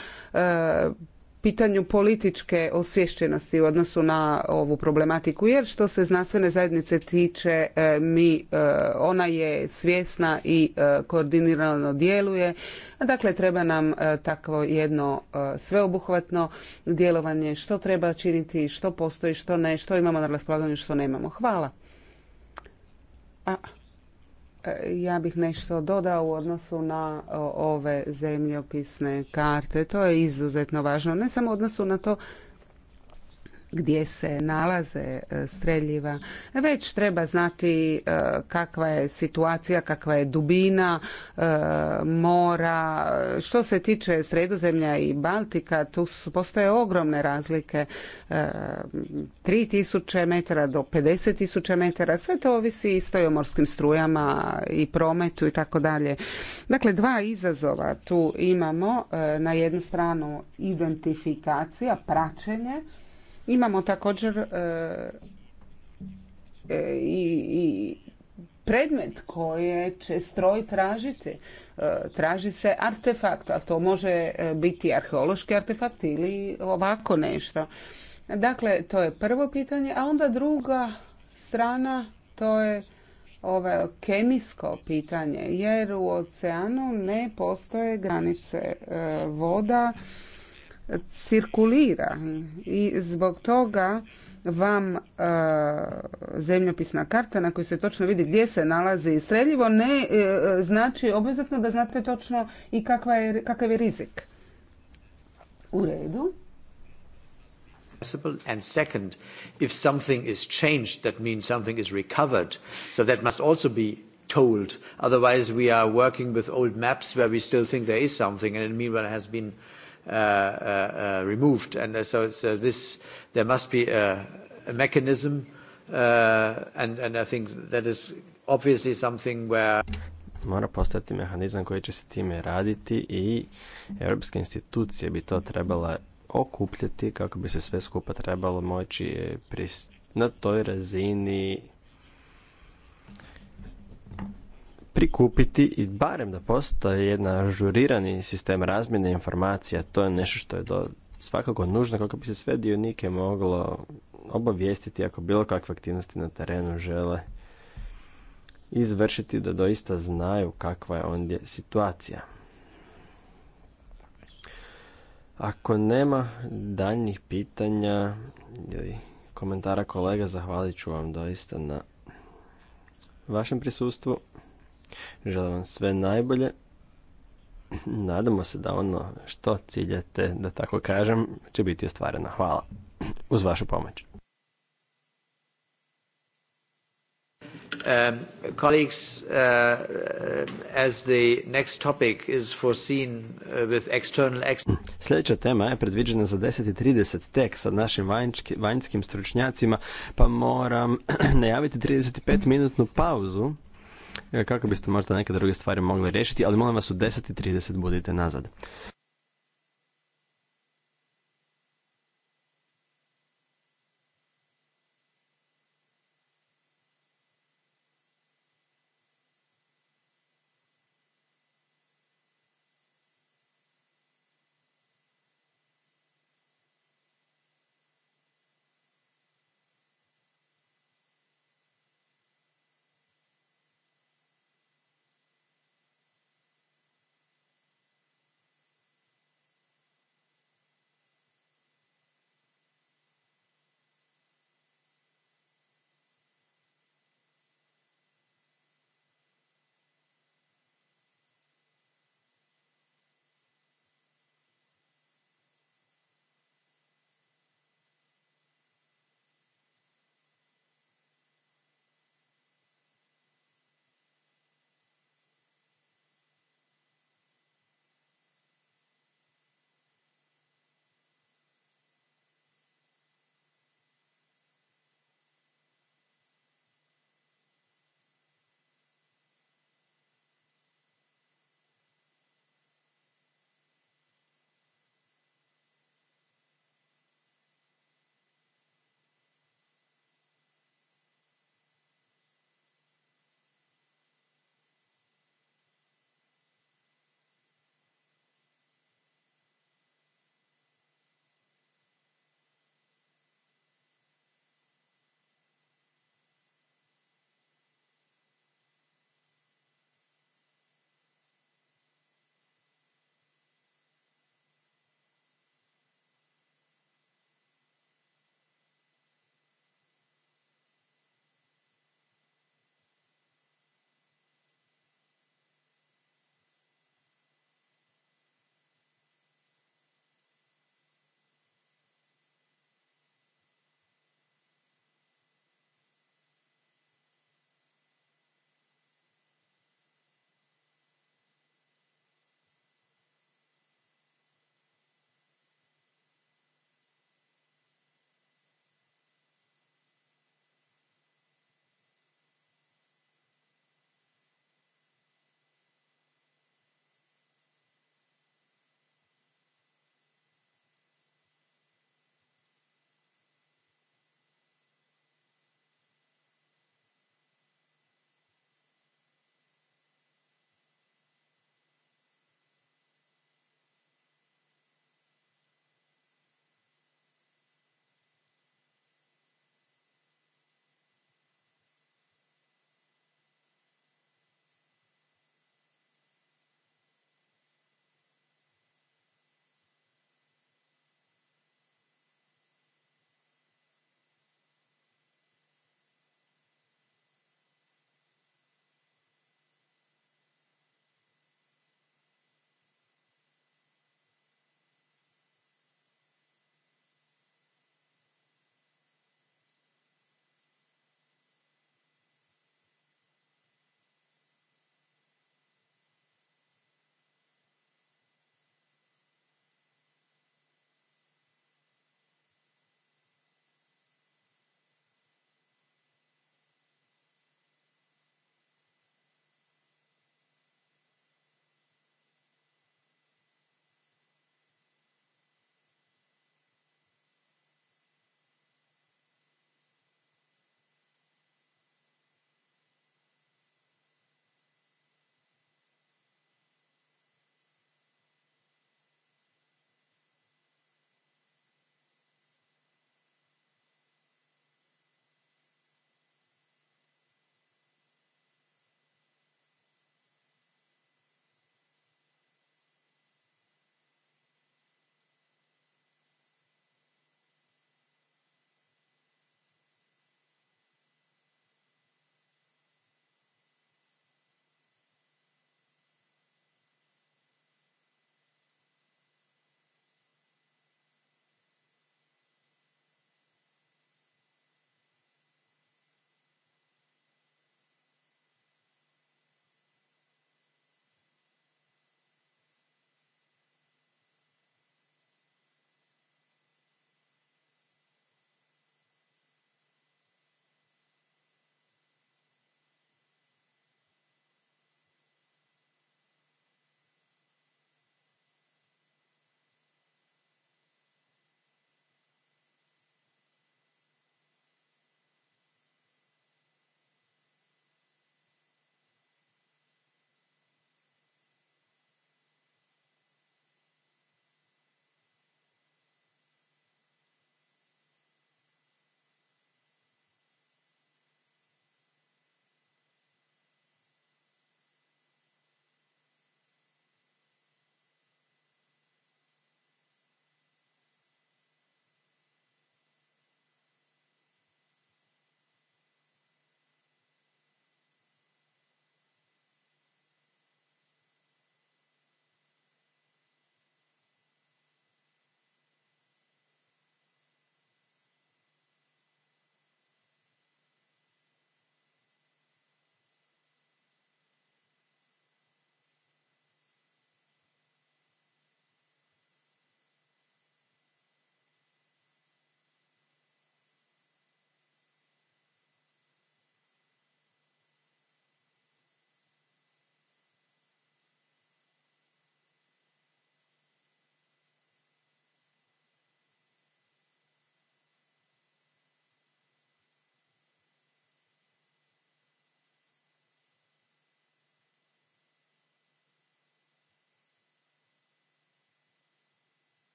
pitanju političke osvješćenosti u odnosu na ovu problematiku jer što se znanstvene zajednice tiče e, mi e, ona je svjesna i e, koordinirano djeluje dakle treba nam takvo jedno sveobuhvatno djelovanje što treba činiti što postoji što ne što imamo na raspolaganju što nemamo hvala ja bih nešto dodao u odnosu na ove zemljopisne karte. To je izuzetno važno, ne samo u odnosu na to gdje se nalaze e, streljiva, već treba znati e, kakva je situacija, kakva je dubina e, mora. Što se tiče Sredozemlja i Baltika, tu su, postoje ogromne razlike. 3000 metara do 50.000 metara, sve to ovisi isto i o morskim strujama i prometu i tako dalje. Dakle, dva izazova tu imamo. Na jednu stranu identifikacija, praćenje, Imamo također e, e, i predmet koje će stroj tražiti. E, traži se artefakt, a to može biti arheološki artefakt ili ovako nešto. Dakle, to je prvo pitanje, a onda druga strana, to je kemijsko pitanje, jer u oceanu ne postoje granice voda, cirkulira i zbog toga vam e, zemljopisna karta na kojoj se točno vidi gdje se nalazi streljivo ne e, znači obvezatno da znate točno i kakva je, kakav je rizik. U redu. And second, if something is changed, that means something is recovered. So that must also be told. Otherwise, we are working with old maps where we still think there is something and in meanwhile has been Uh, uh, uh, removed. And so, so this, there must be a, mechanism, and, and I think that is obviously something where mora postati mehanizam koji će se time raditi i europske institucije bi to trebala okupljati kako bi se sve skupa trebalo moći eh, na toj razini prikupiti i barem da postoji jedna ažurirani sistem razmjene informacija. To je nešto što je svakako nužno kako bi se sve dionike moglo obavijestiti ako bilo kakve aktivnosti na terenu žele izvršiti da doista znaju kakva je ondje situacija. Ako nema daljnjih pitanja ili komentara kolega, zahvalit ću vam doista na vašem prisustvu. Želim vam sve najbolje. Nadamo se da ono što ciljete, da tako kažem, će biti ostvareno. Hvala. Uz vašu pomoć. Um, colleagues, uh, as the next topic is foreseen uh, with external... Sljedeća tema je predviđena za 10.30 tek sa našim vanjskim stručnjacima, pa moram najaviti 35-minutnu pauzu. E, kako biste možda neke druge stvari mogli riješiti, ali molim vas u 10.30 budite nazad.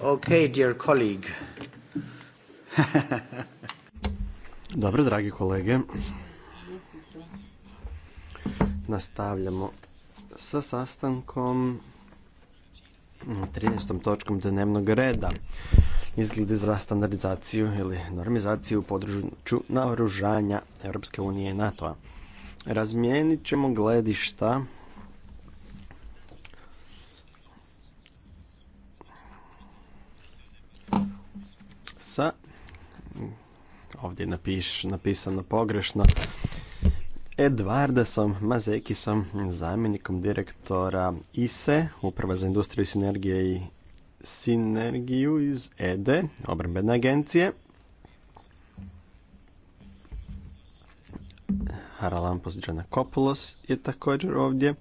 Okay, dear Dobro, dragi kolege. Nastavljamo sa sastankom 13. točkom dnevnog reda. Izglede za standardizaciju ili normizaciju u području naoružanja Europske unije i NATO-a. Razmijenit ćemo gledišta Ovdje je napiš, napisano pogrešno. Edvardasom Mazekisom, zamjenikom direktora ISE, Uprava za industriju sinergije i sinergiju iz EDE, e, obrambene agencije. Haralampos Kopulos je također ovdje,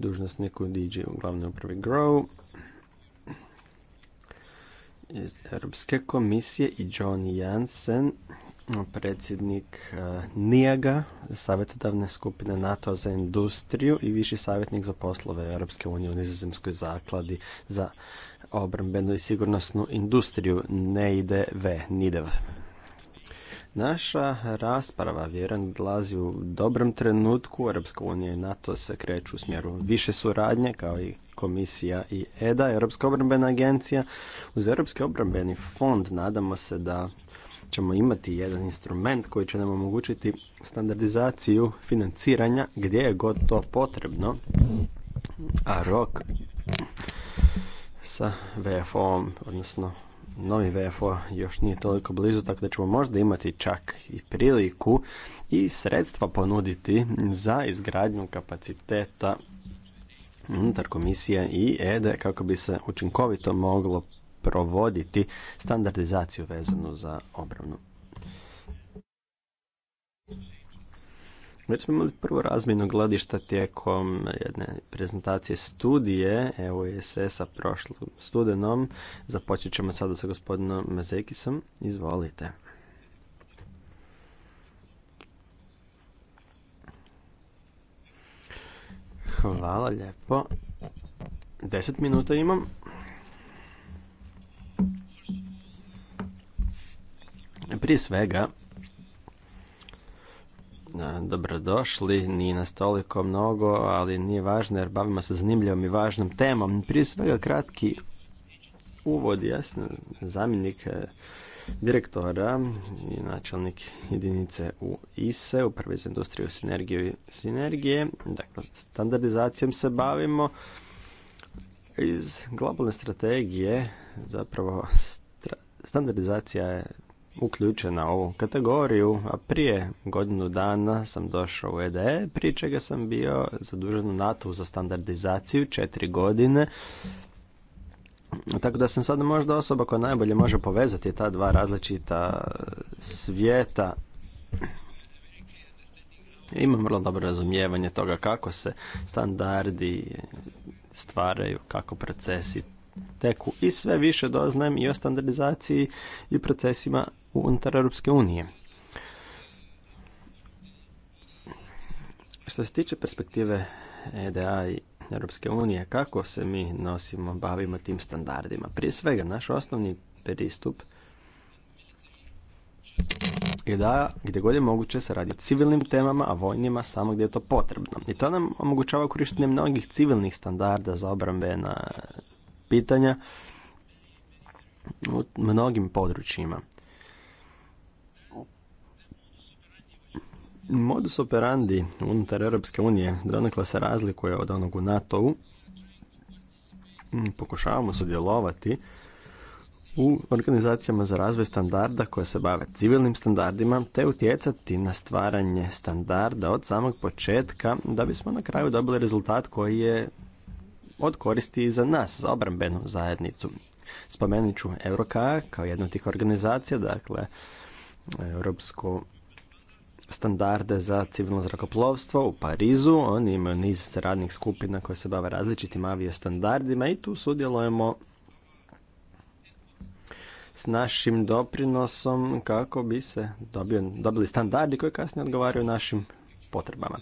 Dužnost u DJ u glavnoj upravi Grow, iz Europske komisije i John Jansen, predsjednik e, NIAGA, savjetodavne skupine NATO za industriju i viši savjetnik za poslove Europske unije u nizozemskoj zakladi za obrambenu i sigurnosnu industriju NEIDV, NIDEV. Naša rasprava, vjeran, glazi u dobrom trenutku. Europska unija i NATO se kreću u smjeru više suradnje, kao i komisija i EDA, Europska obrambena agencija. Uz Europski obrambeni fond nadamo se da ćemo imati jedan instrument koji će nam omogućiti standardizaciju financiranja gdje je god to potrebno, a rok sa VFO-om, odnosno novi VFO još nije toliko blizu, tako da ćemo možda imati čak i priliku i sredstva ponuditi za izgradnju kapaciteta unutar komisije i EDE e kako bi se učinkovito moglo provoditi standardizaciju vezanu za obranu. Već smo imali prvo razmjeno gledišta tijekom jedne prezentacije studije eoss a prošlom studenom. Započet ćemo sada sa gospodinom Mazekisom. Izvolite. Hvala lijepo. Deset minuta imam. Prije svega, dobrodošli, nije nas toliko mnogo, ali nije važno jer bavimo se zanimljivom i važnom temom. Prije svega kratki uvod, jasno, zamjenik e, direktora i načelnik jedinice u ISE, Uprave za industriju sinergije i sinergije. Dakle, standardizacijom se bavimo iz globalne strategije, zapravo standardizacija je uključena u ovu kategoriju, a prije godinu dana sam došao u EDE, e, prije čega sam bio zadužen u NATO za standardizaciju četiri godine. Tako da sam sada možda osoba koja najbolje može povezati ta dva različita svijeta. Imam vrlo dobro razumijevanje toga kako se standardi stvaraju, kako procesi teku i sve više doznajem i o standardizaciji i procesima unutar Europske unije. Što se tiče perspektive EDA i Europske unije, kako se mi nosimo, bavimo tim standardima? Prije svega, naš osnovni pristup je da gdje god je moguće se radi o civilnim temama, a vojnima samo gdje je to potrebno. I to nam omogućava korištenje mnogih civilnih standarda za obrambena pitanja u mnogim područjima. Modus operandi unutar Europske unije donekle se razlikuje od onog u NATO-u. Mm, pokušavamo sudjelovati u organizacijama za razvoj standarda koje se bave civilnim standardima te utjecati na stvaranje standarda od samog početka da bismo na kraju dobili rezultat koji je od koristi i za nas, za obrambenu zajednicu. Spomenut ću Euroka kao jednu od tih organizacija, dakle Europsku standarde za civilno zrakoplovstvo u Parizu. Oni imaju niz radnih skupina koje se bave različitim avio-standardima i tu sudjelujemo s našim doprinosom kako bi se dobio, dobili standardi koji kasnije odgovaraju našim potrebama.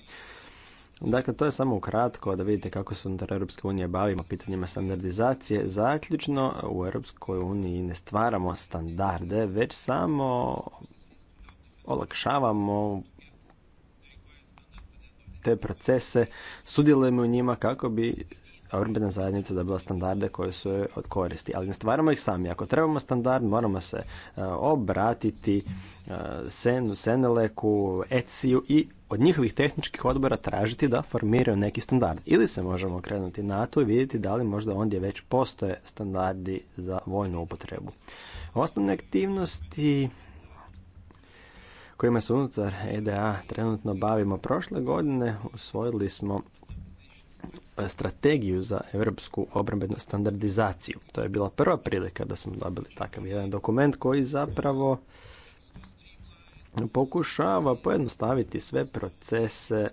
Dakle, to je samo ukratko da vidite kako se unutar Europske unije bavimo pitanjima standardizacije. Zaključno, u Europskoj uniji ne stvaramo standarde, već samo olakšavamo te procese, sudjelujemo u njima kako bi urbana zajednica dobila standarde koje su joj od koristi. Ali ne stvaramo ih sami. Ako trebamo standard, moramo se e, obratiti e, Senu, Seneleku, Eciju i od njihovih tehničkih odbora tražiti da formiraju neki standard. Ili se možemo na to i vidjeti da li možda ondje već postoje standardi za vojnu upotrebu. Osnovne aktivnosti kojima se unutar EDA trenutno bavimo. Prošle godine usvojili smo e, strategiju za europsku obrambenu standardizaciju. To je bila prva prilika da smo dobili takav jedan dokument koji zapravo pokušava pojednostaviti sve procese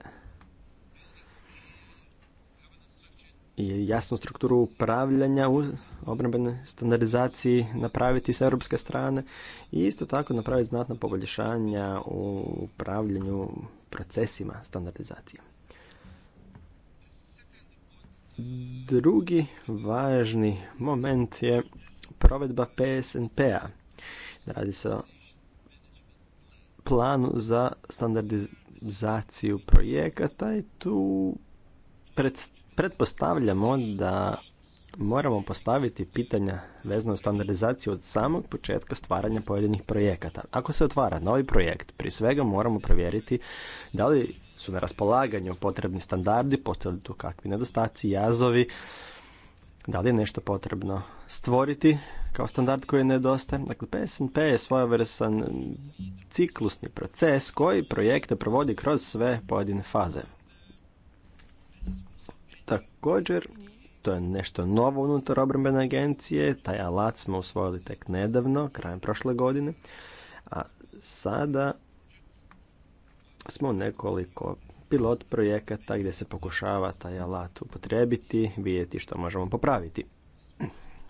jasnu strukturu upravljanja u obrambenoj standardizaciji napraviti s europske strane i isto tako napraviti znatna poboljšanja u upravljanju procesima standardizacije. Drugi važni moment je provedba PSNP-a. Radi se o planu za standardizaciju projekata i tu predstavljamo Pretpostavljamo da moramo postaviti pitanja vezano uz standardizaciju od samog početka stvaranja pojedinih projekata. Ako se otvara novi projekt, prije svega moramo provjeriti da li su na raspolaganju potrebni standardi, postoje li tu kakvi nedostaci, jazovi, da li je nešto potrebno stvoriti kao standard koji nedostaje. Dakle, PSNP je svojevrsan ciklusni proces koji projekte provodi kroz sve pojedine faze. Također, to je nešto novo unutar obrambene agencije, taj alat smo usvojili tek nedavno, krajem prošle godine, a sada smo nekoliko pilot projekata gdje se pokušava taj alat upotrijebiti, vidjeti što možemo popraviti.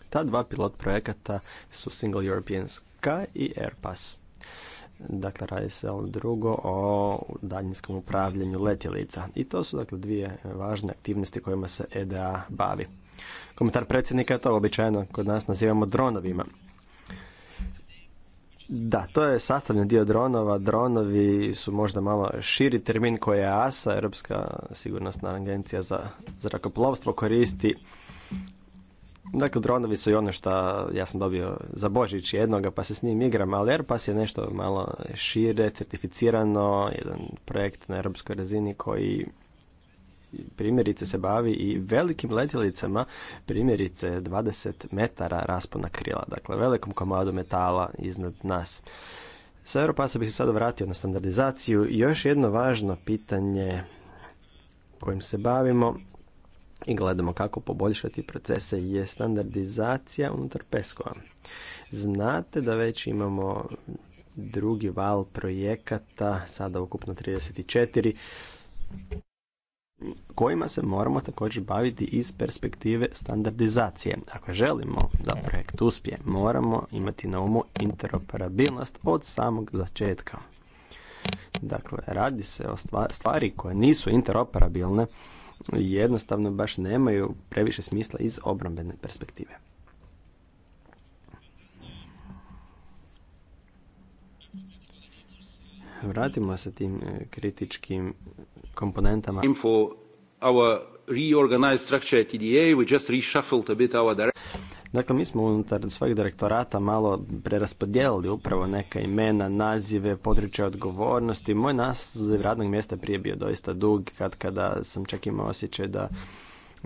Ta dva pilot projekata su Single European Sky i AirPass. Dakle, radi se o drugo o daljinskom upravljanju letjelica. I to su dakle dvije važne aktivnosti kojima se EDA bavi. Komentar predsjednika je to običajno kod nas nazivamo dronovima. Da, to je sastavni dio dronova. Dronovi su možda malo širi termin koji je ASA, Europska sigurnosna agencija za zrakoplovstvo, koristi Dakle, dronovi su i ono što ja sam dobio za Božić jednoga, pa se s njim igram, ali Airpass je nešto malo šire, certificirano, jedan projekt na europskoj razini koji primjerice se bavi i velikim letjelicama, primjerice 20 metara raspona krila, dakle velikom komadu metala iznad nas. Sa Europasa bih se sada vratio na standardizaciju i još jedno važno pitanje kojim se bavimo i gledamo kako poboljšati procese je standardizacija unutar PESCO-a. Znate da već imamo drugi val projekata, sada ukupno 34, kojima se moramo također baviti iz perspektive standardizacije. Ako želimo da projekt uspije, moramo imati na umu interoperabilnost od samog začetka. Dakle, radi se o stvari koje nisu interoperabilne, jednostavno baš nemaju previše smisla iz obrambene perspektive. Vratimo se tim e, kritičkim e, komponentama. info our reorganized structure at TDA, we just reshuffled a bit our Dakle, mi smo unutar svojeg direktorata malo preraspodijelili upravo neka imena, nazive, područje odgovornosti. Moj naziv radnog mjesta prije bio doista dug, kad kada sam čak imao osjećaj da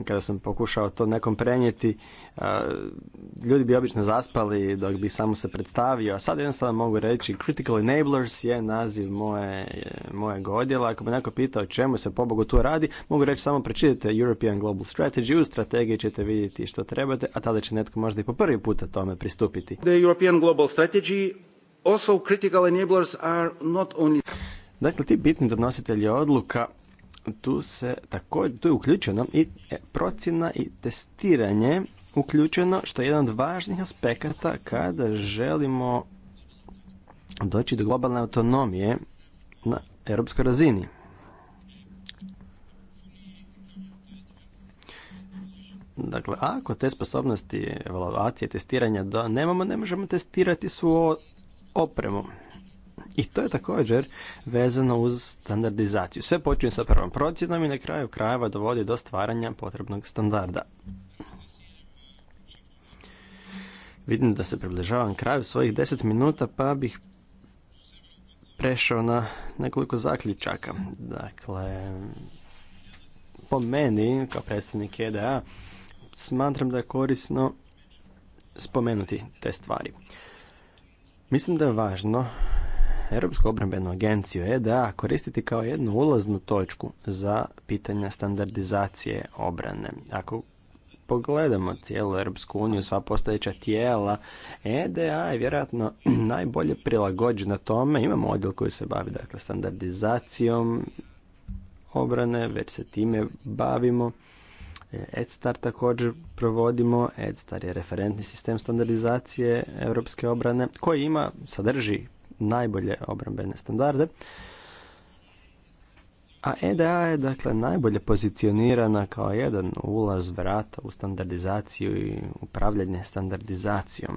kada sam pokušao to nekom prenijeti, ljudi bi obično zaspali dok bi samo se predstavio, a sad jednostavno mogu reći Critical Enablers je naziv moje, mojeg odjela. Ako me neko pitao čemu se pobogu tu radi, mogu reći samo prečitajte European Global Strategy, u strategiji ćete vidjeti što trebate, a tada će netko možda i po prvi puta tome pristupiti. The European Global Strategy also critical enablers are not only... Dakle, ti bitni donositelji odluka tu se također, tu je uključeno i e, procjena i testiranje uključeno što je jedan od važnih aspekata kada želimo doći do globalne autonomije na europskoj razini. Dakle, ako te sposobnosti evaluacije testiranja da nemamo, ne možemo testirati svu opremu. I to je također vezano uz standardizaciju. Sve počinje sa prvom procjenom i na kraju krajeva dovodi do stvaranja potrebnog standarda. Vidim da se približavam kraju svojih 10 minuta pa bih prešao na nekoliko zaključaka. Dakle, po meni, kao predstavnik EDA, smatram da je korisno spomenuti te stvari. Mislim da je važno Europsku obrambenu agenciju EDA koristiti kao jednu ulaznu točku za pitanja standardizacije obrane. Ako pogledamo cijelu Europsku uniju, sva postojeća tijela, EDA je vjerojatno najbolje prilagođena tome. Imamo odjel koji se bavi dakle, standardizacijom obrane, već se time bavimo. E, EDSTAR također provodimo. EDSTAR je referentni sistem standardizacije europske obrane koji ima, sadrži najbolje obrambene standarde. A EDA je dakle najbolje pozicionirana kao jedan ulaz vrata u standardizaciju i upravljanje standardizacijom.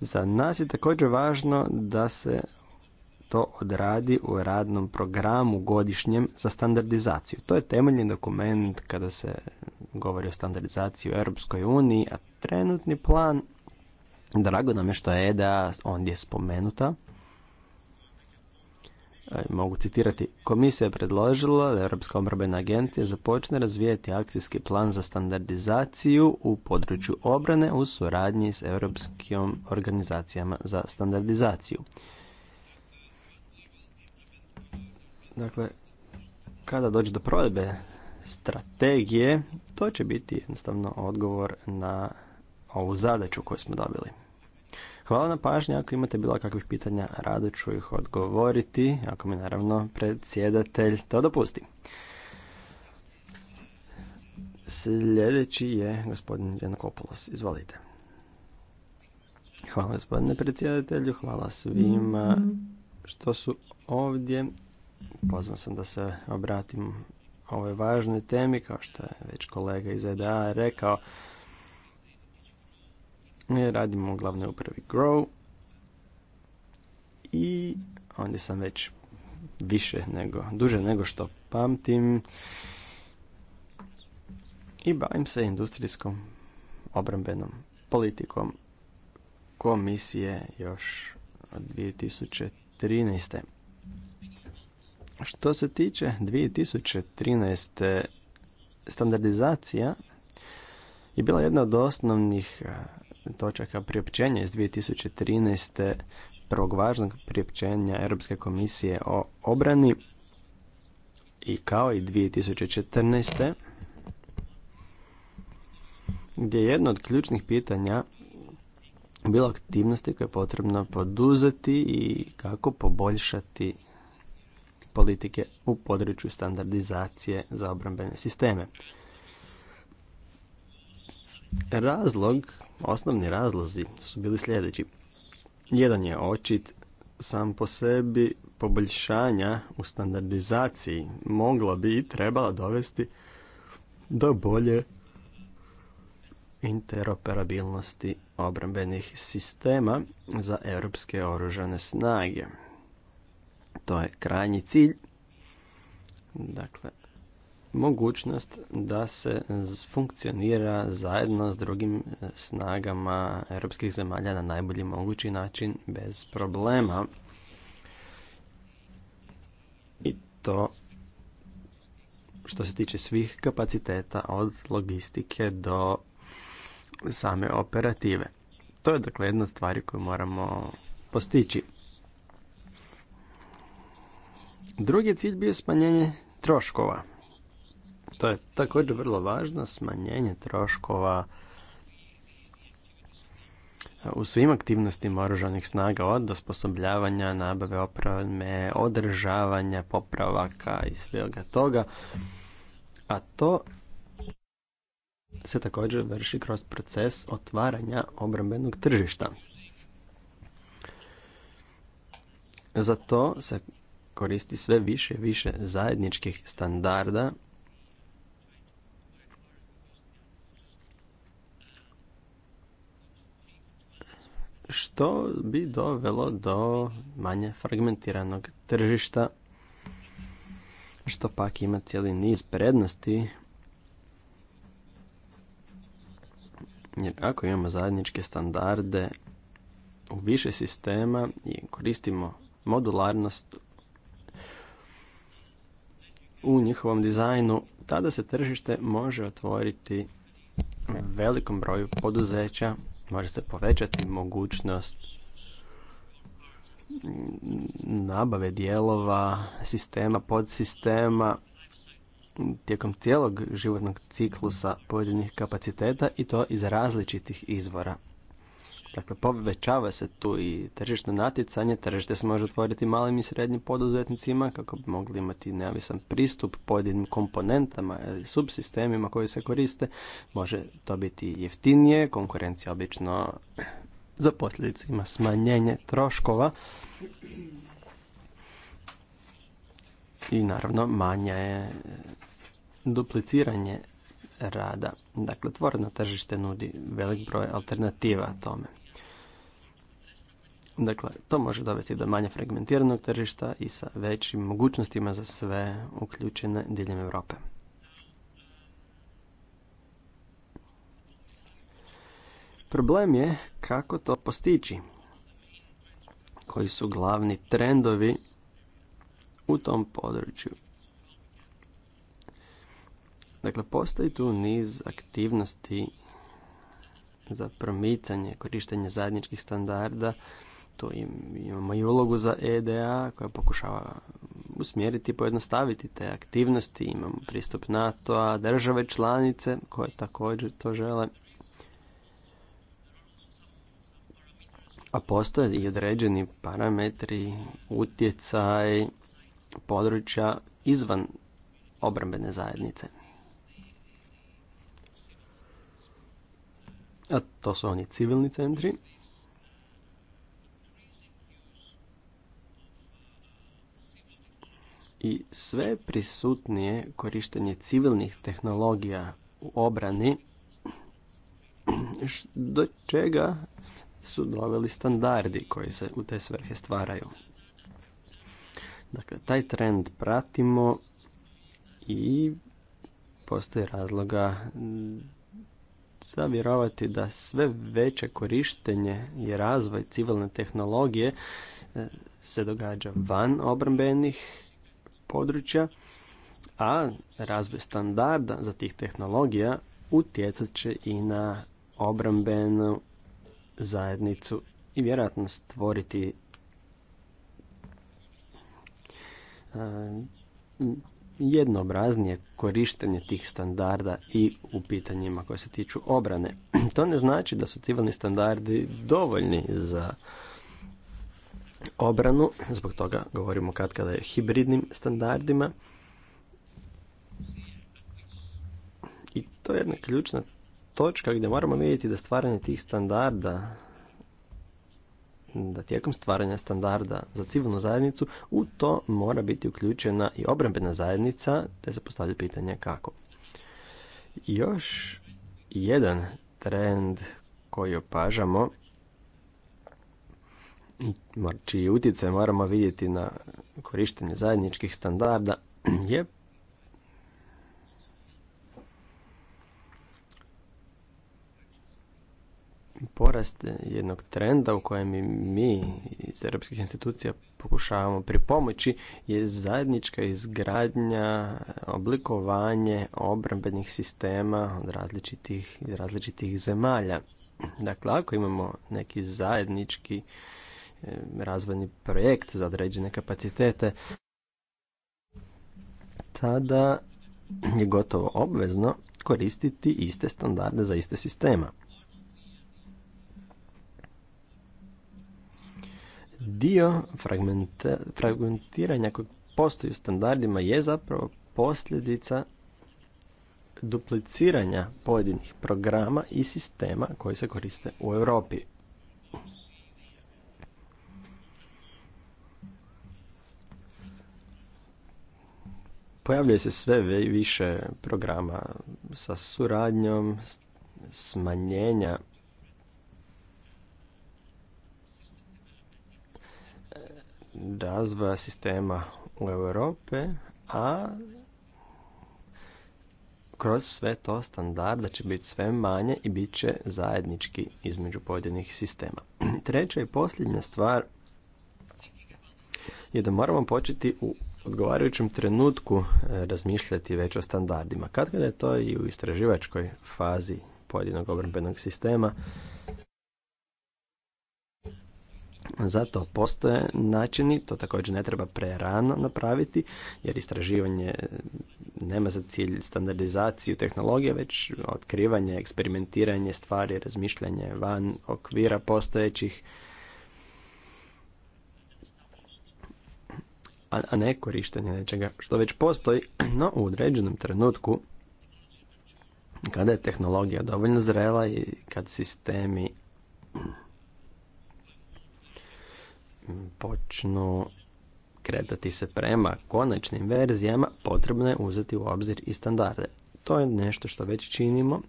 Za nas je također važno da se to odradi u radnom programu godišnjem za standardizaciju. To je temeljni dokument kada se govori o standardizaciji u Europskoj uniji, a trenutni plan, drago nam je što je EDA ondje spomenuta, E, mogu citirati, komisija je predložila da Europska obrambena agencija započne razvijati akcijski plan za standardizaciju u području obrane u suradnji s europskim organizacijama za standardizaciju. Dakle, kada dođe do provedbe strategije, to će biti jednostavno odgovor na ovu zadaću koju smo dobili. Hvala na pažnji, ako imate bilo kakvih pitanja, rado ću ih odgovoriti, ako mi naravno predsjedatelj to dopusti. Sljedeći je gospodin Janakopoulos, izvolite. Hvala gospodine predsjedatelju, hvala svima što su ovdje. Pozvan sam da se obratim ovoj važnoj temi, kao što je već kolega iz EDA rekao. Radimo u glavnoj upravi Grow i ondje sam već više nego, duže nego što pamtim i bavim se industrijskom obrambenom politikom komisije još od 2013. Što se tiče 2013. standardizacija je bila jedna od osnovnih točaka priopćenja iz 2013. prvog važnog priopćenja Europske komisije o obrani i kao i 2014. gdje je jedno od ključnih pitanja bilo aktivnosti koje je potrebno poduzeti i kako poboljšati politike u području standardizacije za obrambene sisteme. Razlog, osnovni razlozi su bili sljedeći. Jedan je očit sam po sebi poboljšanja u standardizaciji mogla bi i trebala dovesti do bolje interoperabilnosti obrambenih sistema za europske oružane snage. To je krajnji cilj. Dakle, mogućnost da se funkcionira zajedno s drugim snagama europskih zemalja na najbolji mogući način bez problema. I to što se tiče svih kapaciteta od logistike do same operative. To je dakle jedna stvar koju moramo postići. Drugi cilj bio smanjenje troškova. To je također vrlo važno, smanjenje troškova u svim aktivnostima oružanih snaga od osposobljavanja, nabave opreme, održavanja, popravaka i svega toga. A to se također vrši kroz proces otvaranja obrambenog tržišta. Za to se koristi sve više i više zajedničkih standarda što bi dovelo do manje fragmentiranog tržišta, što pak ima cijeli niz prednosti. Jer ako imamo zajedničke standarde u više sistema i koristimo modularnost u njihovom dizajnu, tada se tržište može otvoriti velikom broju poduzeća Može se povećati mogućnost nabave dijelova, sistema, podsistema tijekom cijelog životnog ciklusa pojedinih kapaciteta i to iz različitih izvora. Dakle, povećava se tu i tržišno natjecanje, tržište se može otvoriti malim i srednjim poduzetnicima kako bi mogli imati neavisan pristup pojedinim komponentama ili subsistemima koji se koriste. Može to biti jeftinije, konkurencija obično za posljedicu ima smanjenje troškova i naravno manja je dupliciranje rada. Dakle, tvorno tržište nudi velik broj alternativa tome. Dakle, to može dovesti do manje fragmentiranog tržišta i sa većim mogućnostima za sve uključene diljem Europe. Problem je kako to postići. Koji su glavni trendovi u tom području? Dakle, postoji tu niz aktivnosti za promicanje, korištenje zajedničkih standarda tu imamo i ulogu za EDA koja pokušava usmjeriti i pojednostaviti te aktivnosti. Imamo pristup NATO-a, države članice koje također to žele. A postoje i određeni parametri, utjecaj područja izvan obrambene zajednice. A to su oni civilni centri. i sve prisutnije korištenje civilnih tehnologija u obrani do čega su doveli standardi koji se u te svrhe stvaraju. Dakle, taj trend pratimo i postoji razloga za da sve veće korištenje i razvoj civilne tehnologije e, se događa van obrambenih područja, a razvoj standarda za tih tehnologija utjecat će i na obrambenu zajednicu i vjerojatno stvoriti jednoobraznije korištenje tih standarda i u pitanjima koje se tiču obrane. To ne znači da su civilni standardi dovoljni za obranu, zbog toga govorimo kad kada je hibridnim standardima. I to je jedna ključna točka gdje moramo vidjeti da stvaranje tih standarda, da tijekom stvaranja standarda za civilnu zajednicu, u to mora biti uključena i obrambena zajednica, te se postavlja pitanje kako. Još jedan trend koji opažamo čiji utjecaj moramo vidjeti na korištenje zajedničkih standarda je porast jednog trenda u kojem mi iz europskih institucija pokušavamo pomoći je zajednička izgradnja, oblikovanje obrambenih sistema od različitih, iz različitih zemalja. Dakle, ako imamo neki zajednički razvojni projekt za određene kapacitete, tada je gotovo obvezno koristiti iste standarde za iste sistema. Dio fragmentiranja koji postoji u standardima je zapravo posljedica dupliciranja pojedinih programa i sistema koji se koriste u Europi. Pojavljuje se sve više programa sa suradnjom, smanjenja e, razvoja sistema u Europe, a kroz sve to standarda će biti sve manje i bit će zajednički između pojedinih sistema. Treća i posljednja stvar je da moramo početi u odgovarajućem trenutku e, razmišljati već o standardima. Kad kada je to i u istraživačkoj fazi pojedinog obrambenog sistema, zato postoje načini, to također ne treba prerano napraviti, jer istraživanje nema za cilj standardizaciju tehnologije, već otkrivanje, eksperimentiranje stvari, razmišljanje van okvira postojećih a ne korištenje nečega što već postoji, no u određenom trenutku kada je tehnologija dovoljno zrela i kad sistemi počnu kretati se prema konačnim verzijama, potrebno je uzeti u obzir i standarde. To je nešto što već činimo,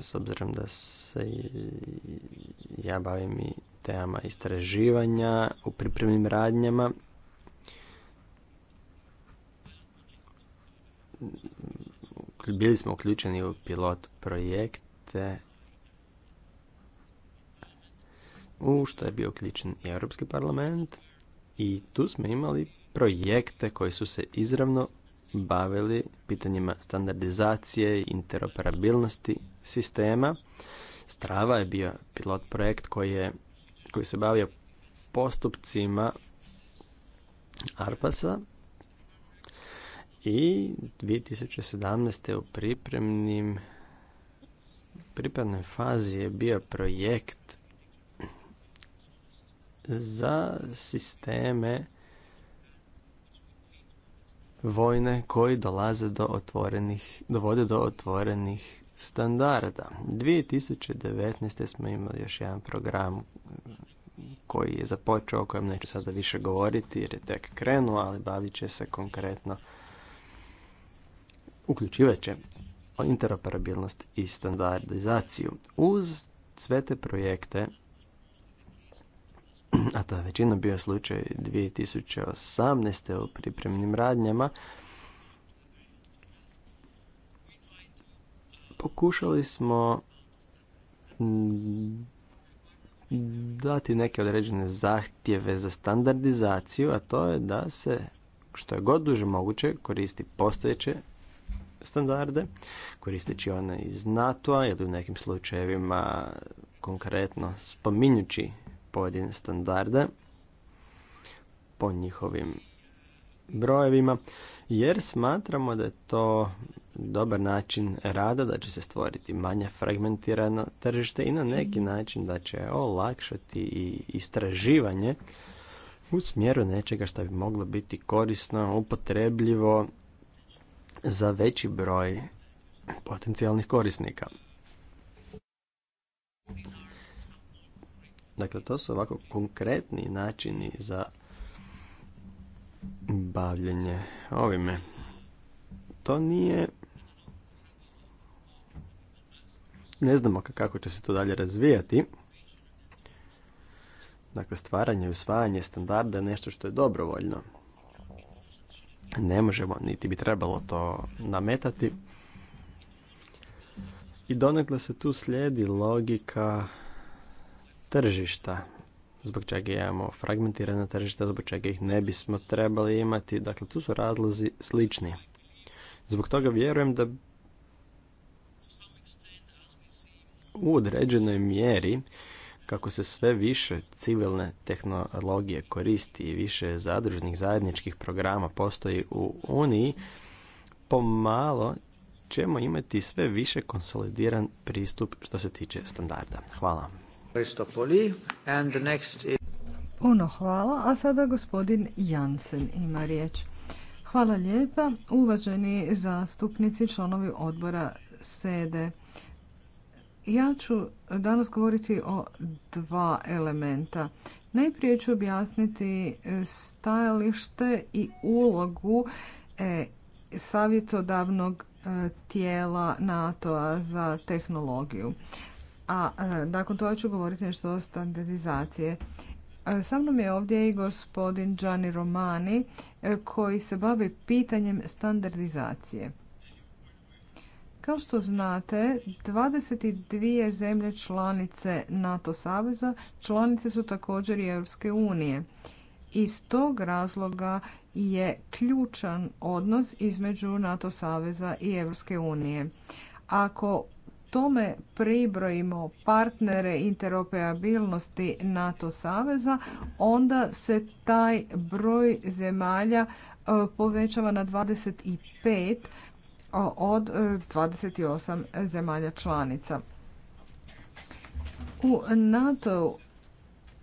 s obzirom da se ja bavim i temama istraživanja u pripremnim radnjama bili smo uključeni u pilot projekte u što je bio uključen i Europski parlament i tu smo imali projekte koji su se izravno bavili pitanjima standardizacije i interoperabilnosti sistema. Strava je bio pilot projekt koji, je, koji se bavio postupcima Arpasa i 2017. u pripremnim pripremnoj fazi je bio projekt za sisteme vojne koji dolaze do otvorenih, dovode do otvorenih standarda. 2019. smo imali još jedan program koji je započeo, o kojem neću sada više govoriti jer je tek krenuo, ali bavit će se konkretno uključivat će interoperabilnost i standardizaciju uz sve te projekte a to je većina bio slučaj 2018. u pripremnim radnjama, pokušali smo dati neke određene zahtjeve za standardizaciju, a to je da se što je god duže moguće koristi postojeće standarde, koristeći one iz NATO-a ili u nekim slučajevima konkretno spominjući pojedine standarde po njihovim brojevima, jer smatramo da je to dobar način rada, da će se stvoriti manje fragmentirano tržište i na neki način da će olakšati i istraživanje u smjeru nečega što bi moglo biti korisno, upotrebljivo za veći broj potencijalnih korisnika. Dakle, to su ovako konkretni načini za bavljenje ovime. To nije... Ne znamo kako će se to dalje razvijati. Dakle, stvaranje i usvajanje standarda je nešto što je dobrovoljno. Ne možemo, niti bi trebalo to nametati. I donekle se tu slijedi logika tržišta. Zbog čega imamo fragmentirana tržišta, zbog čega ih ne bismo trebali imati. Dakle, tu su razlozi slični. Zbog toga vjerujem da u određenoj mjeri kako se sve više civilne tehnologije koristi i više zadružnih zajedničkih programa postoji u Uniji, pomalo ćemo imati sve više konsolidiran pristup što se tiče standarda. Hvala. Puno hvala, a sada gospodin Jansen ima riječ. Hvala lijepa, uvaženi zastupnici članovi odbora SEDE. Ja ću danas govoriti o dva elementa. Najprije ću objasniti e, stajalište i ulogu e, savjetodavnog e, tijela NATO-a za tehnologiju. A nakon toga ću govoriti nešto o standardizacije. Sa mnom je ovdje i gospodin Gianni Romani koji se bavi pitanjem standardizacije. Kao što znate, 22 zemlje članice NATO saveza članice su također i Europske unije. Iz tog razloga je ključan odnos između NATO saveza i Europske unije. Ako tome pribrojimo partnere interoperabilnosti NATO saveza, onda se taj broj zemalja e, povećava na 25 od 28 e, zemalja članica. U NATO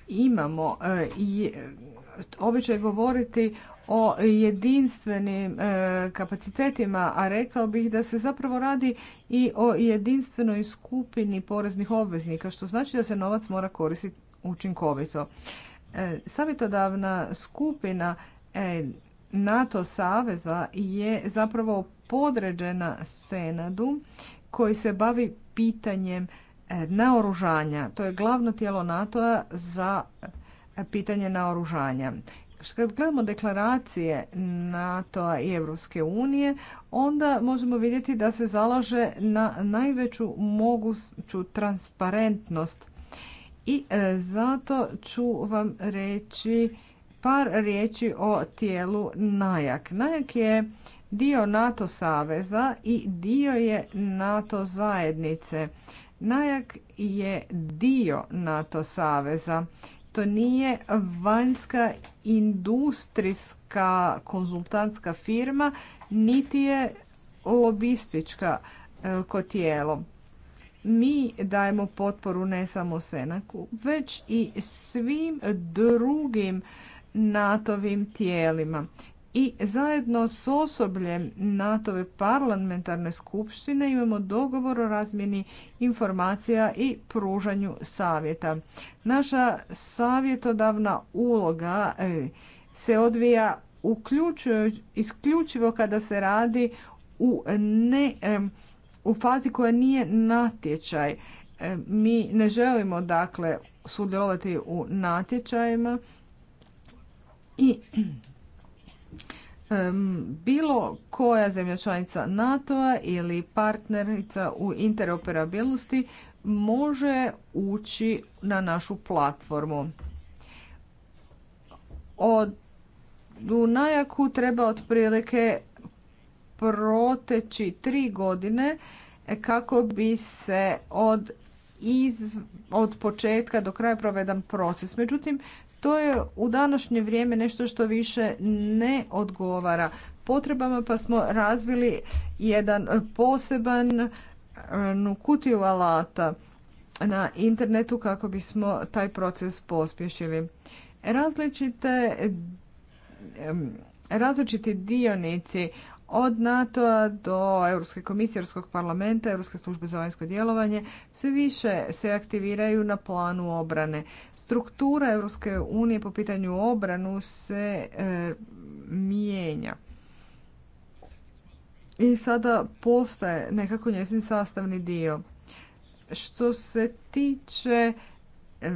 imamo e, i običaj govoriti o jedinstvenim e, kapacitetima, a rekao bih da se zapravo radi i o jedinstvenoj skupini poreznih obveznika, što znači da se novac mora koristiti učinkovito. Savjetodavna skupina NATO saveza je zapravo podređena Senadu koji se bavi pitanjem e, naoružanja. To je glavno tijelo NATO-a za e, pitanje naoružanja. Kad gledamo deklaracije NATO-a i Europske unije, onda možemo vidjeti da se zalaže na najveću moguću transparentnost. I e, zato ću vam reći par riječi o tijelu NAJAK. NAJAK je dio NATO saveza i dio je NATO zajednice. Najak je dio NATO saveza. To nije vanjska industrijska konzultantska firma, niti je lobistička e, ko tijelo. Mi dajemo potporu ne samo Senaku, već i svim drugim NATOvim tijelima i zajedno s osobljem NATO-ve parlamentarne skupštine imamo dogovor o razmjeni informacija i pružanju savjeta. Naša savjetodavna uloga e, se odvija isključivo kada se radi u, ne, e, u fazi koja nije natječaj. E, mi ne želimo dakle sudjelovati u natječajima i bilo koja zemlja članica NATO-a ili partnerica u interoperabilnosti može ući na našu platformu. Od u najaku treba otprilike proteći tri godine e, kako bi se od iz, od početka do kraja provedan proces. Međutim, to je u današnje vrijeme nešto što više ne odgovara potrebama pa smo razvili jedan poseban um, kutiju alata na internetu kako bismo taj proces pospješili. Različite um, različiti dionici od NATO-a do Europske komisije, Europskog parlamenta, Europske službe za vanjsko djelovanje, sve više se aktiviraju na planu obrane. Struktura Europske unije po pitanju obranu se e, mijenja. I sada postaje nekako njezin sastavni dio. Što se tiče e,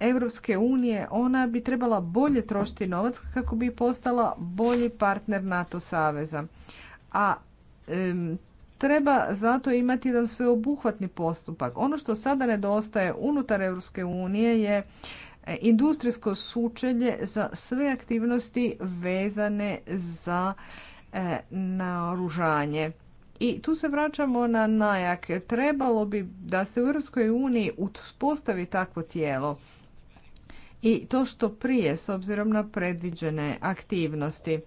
Europske unije, ona bi trebala bolje trošiti novac kako bi postala bolji partner NATO saveza. A treba zato imati jedan sveobuhvatni postupak. Ono što sada nedostaje unutar Europske unije je e, industrijsko sučelje za sve aktivnosti vezane za e, naoružanje. I tu se vraćamo na najak. Trebalo bi da se u Europskoj uniji uspostavi takvo tijelo i to što prije s obzirom na predviđene aktivnosti.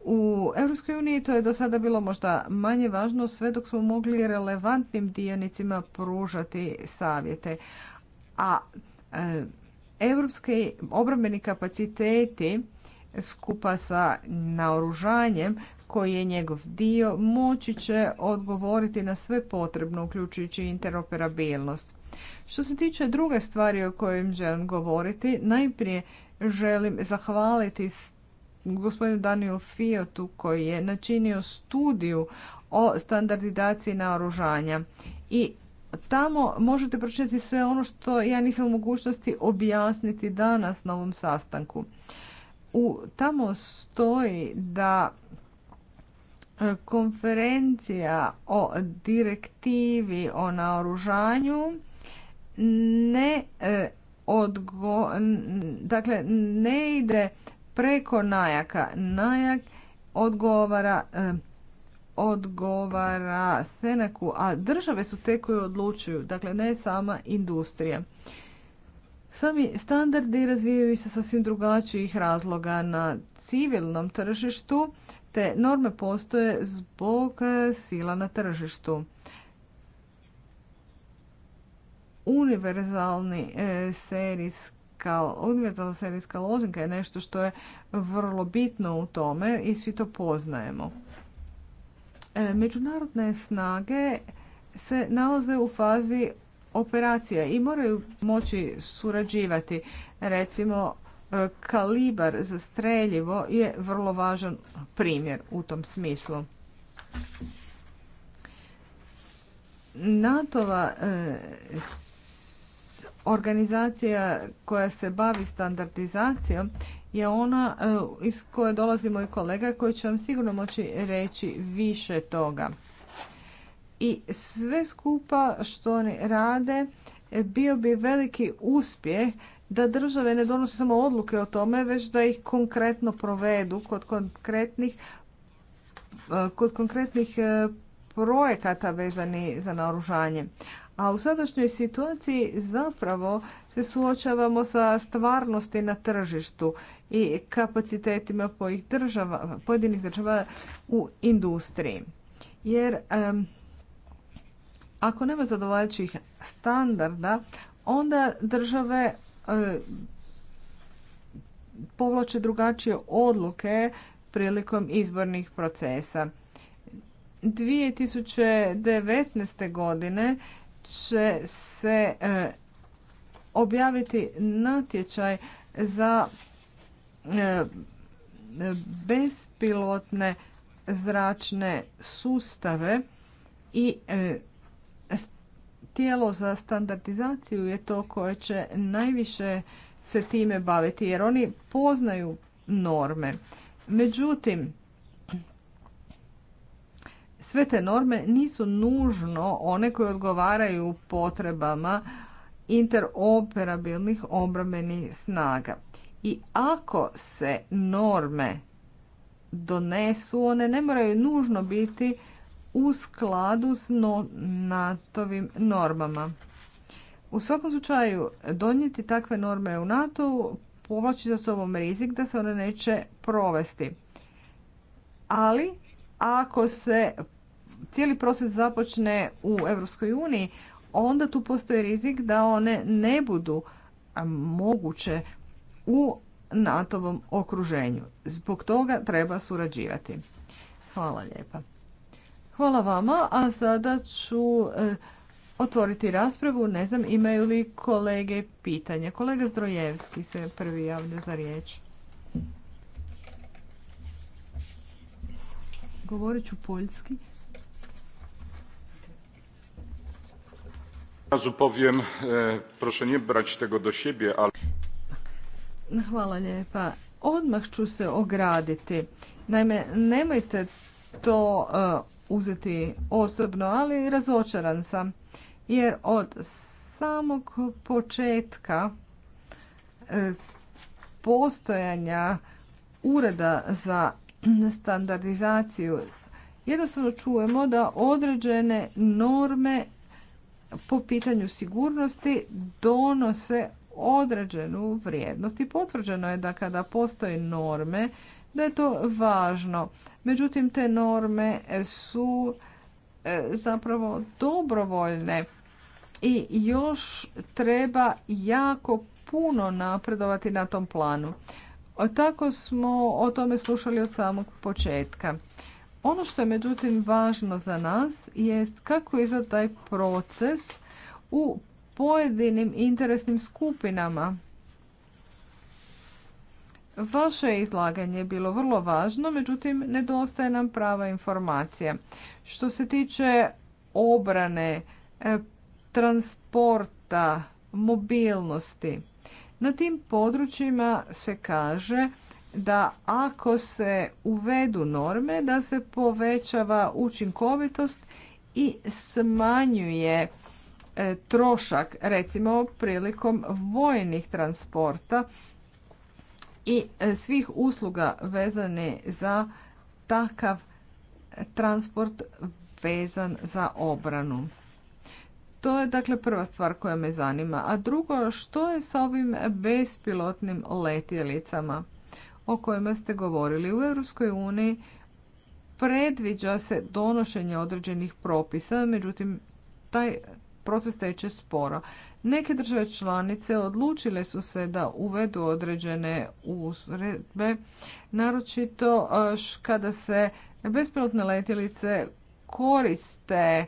U EU to je do sada bilo možda manje važno sve dok smo mogli relevantnim dionicima pružati savjete. A europski obrambeni kapaciteti skupa sa naoružanjem koji je njegov dio moći će odgovoriti na sve potrebno, uključujući interoperabilnost. Što se tiče druge stvari o kojim želim govoriti, najprije želim zahvaliti gospodinu Daniju Fiotu koji je načinio studiju o standardizaciji naoružanja i tamo možete pročitati sve ono što ja nisam u mogućnosti objasniti danas na ovom sastanku. U, tamo stoji da konferencija o direktivi o naoružanju ne e, dakle ne ide preko najaka. Najak odgovara e, odgovara a države su te koje odlučuju, dakle ne sama industrija. Sami standardi razvijaju se sasvim drugačijih razloga na civilnom tržištu. Te norme postoje zbog e, sila na tržištu. Univerzalni e, serijski univerzalna serijska lozinka je nešto što je vrlo bitno u tome i svi to poznajemo. E, međunarodne snage se nalaze u fazi operacija i moraju moći surađivati. Recimo, E, kalibar za streljivo je vrlo važan primjer u tom smislu. NATO-va e, organizacija koja se bavi standardizacijom je ona e, iz koje dolazi moj kolega koji će vam sigurno moći reći više toga. I sve skupa što oni rade bio bi veliki uspjeh da države ne donose samo odluke o tome, već da ih konkretno provedu kod konkretnih, e, kod konkretnih e, projekata vezani za naoružanje. A u sadašnjoj situaciji zapravo se suočavamo sa stvarnosti na tržištu i kapacitetima država, pojedinih država u industriji. Jer ako nema zadovoljavajućih standarda, onda države E, povlače drugačije odluke prilikom izbornih procesa. 2019. godine će se e, objaviti natječaj za e, bespilotne zračne sustave i tijelo za standardizaciju je to koje će najviše se time baviti jer oni poznaju norme. Međutim, sve te norme nisu nužno one koje odgovaraju potrebama interoperabilnih obrambenih snaga. I ako se norme donesu, one ne moraju nužno biti u skladu s NATO-vim normama. U svakom slučaju, donijeti takve norme u NATO povlači za sobom rizik da se one neće provesti. Ali, ako se cijeli proces započne u Europskoj uniji, onda tu postoji rizik da one ne budu moguće u NATO-vom okruženju. Zbog toga treba surađivati. Hvala lijepa. Hvala vama, a sada ću e, otvoriti raspravu. Ne znam imaju li kolege pitanja. Kolega Zdrojevski se prvi javlja za riječ. Govorit ću poljski. E, do Hvala lijepa. Odmah ću se ograditi. Naime, nemojte to e, uzeti osobno, ali razočaran sam. Jer od samog početka e, postojanja ureda za standardizaciju jednostavno čujemo da određene norme po pitanju sigurnosti donose određenu vrijednost i potvrđeno je da kada postoje norme da je to važno. Međutim, te norme su e, zapravo dobrovoljne i još treba jako puno napredovati na tom planu. Tako smo o tome slušali od samog početka. Ono što je međutim važno za nas jest kako izgleda taj proces u pojedinim interesnim skupinama. Vaše izlaganje je bilo vrlo važno, međutim nedostaje nam prava informacija. Što se tiče obrane, e, transporta, mobilnosti, na tim područjima se kaže da ako se uvedu norme da se povećava učinkovitost i smanjuje e, trošak recimo prilikom vojnih transporta i e, svih usluga vezane za takav transport vezan za obranu. To je dakle prva stvar koja me zanima. A drugo, što je sa ovim bespilotnim letjelicama o kojima ste govorili? U Europskoj uniji predviđa se donošenje određenih propisa, međutim taj proces teče sporo. Neke države članice odlučile su se da uvedu određene uredbe, naročito kada se bespilotne letjelice koriste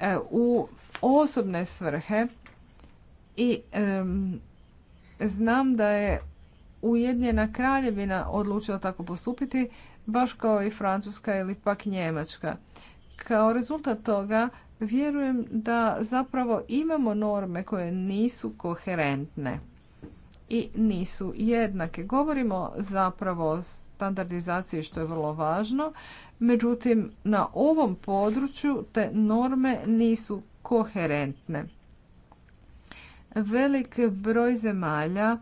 e, u osobne svrhe i znam da je Ujedinjena kraljevina odlučila tako postupiti, baš kao i Francuska ili pak Njemačka. Kao rezultat toga vjerujem da zapravo imamo norme koje nisu koherentne i nisu jednake. Govorimo zapravo o standardizaciji što je vrlo važno, međutim na ovom području te norme nisu koherentne. Velik broj zemalja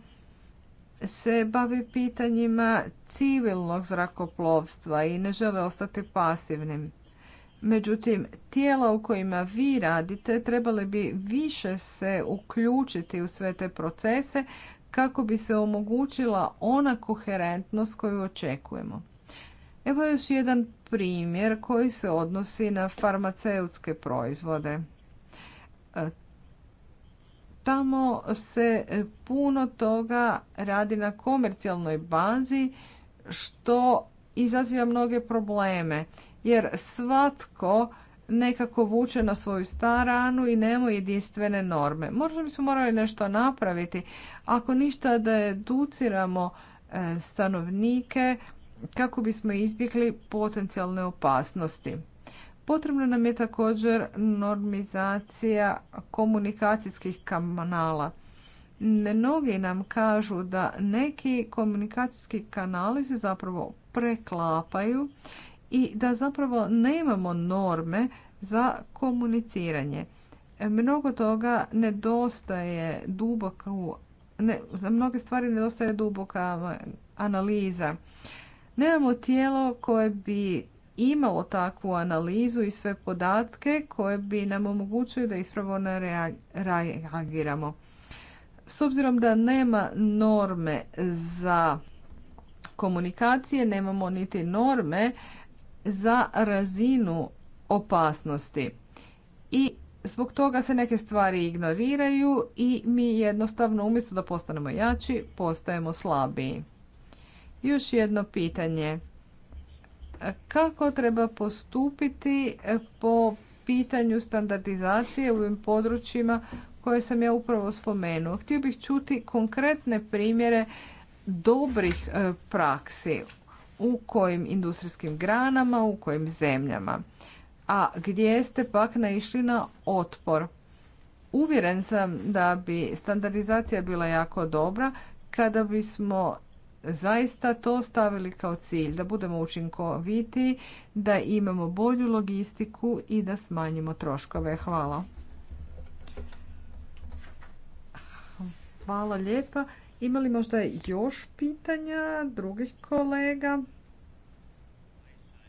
se bavi pitanjima civilnog zrakoplovstva i ne žele ostati pasivnim. Međutim, tijela u kojima vi radite trebale bi više se uključiti u sve te procese kako bi se omogućila ona koherentnost koju očekujemo. Evo još jedan primjer koji se odnosi na farmaceutske proizvode. E, tamo se puno toga radi na komercijalnoj bazi što izaziva mnoge probleme jer svatko nekako vuče na svoju staranu i nema jedinstvene norme. Možda bismo morali nešto napraviti. Ako ništa da educiramo e, stanovnike kako bismo izbjegli potencijalne opasnosti. Potrebna nam je također normizacija komunikacijskih kanala. Mnogi nam kažu da neki komunikacijski kanali se zapravo preklapaju i da zapravo nemamo norme za komuniciranje. E, mnogo toga nedostaje duboka ne, za mnoge stvari nedostaje duboka analiza. Nemamo tijelo koje bi imalo takvu analizu i sve podatke koje bi nam omogućuju da ispravo reagiramo. S obzirom da nema norme za komunikacije, nemamo niti norme za razinu opasnosti. I zbog toga se neke stvari ignoriraju i mi jednostavno umjesto da postanemo jači, postajemo slabiji. Još jedno pitanje. Kako treba postupiti po pitanju standardizacije u ovim područjima koje sam ja upravo spomenuo? Htio bih čuti konkretne primjere dobrih e, praksi u kojim industrijskim granama, u kojim zemljama. A gdje ste pak naišli na otpor? Uvjeren sam da bi standardizacija bila jako dobra kada bismo zaista to stavili kao cilj, da budemo učinkoviti, da imamo bolju logistiku i da smanjimo troškove. Hvala. Hvala lijepa. Ima li možda još pitanja drugih kolega?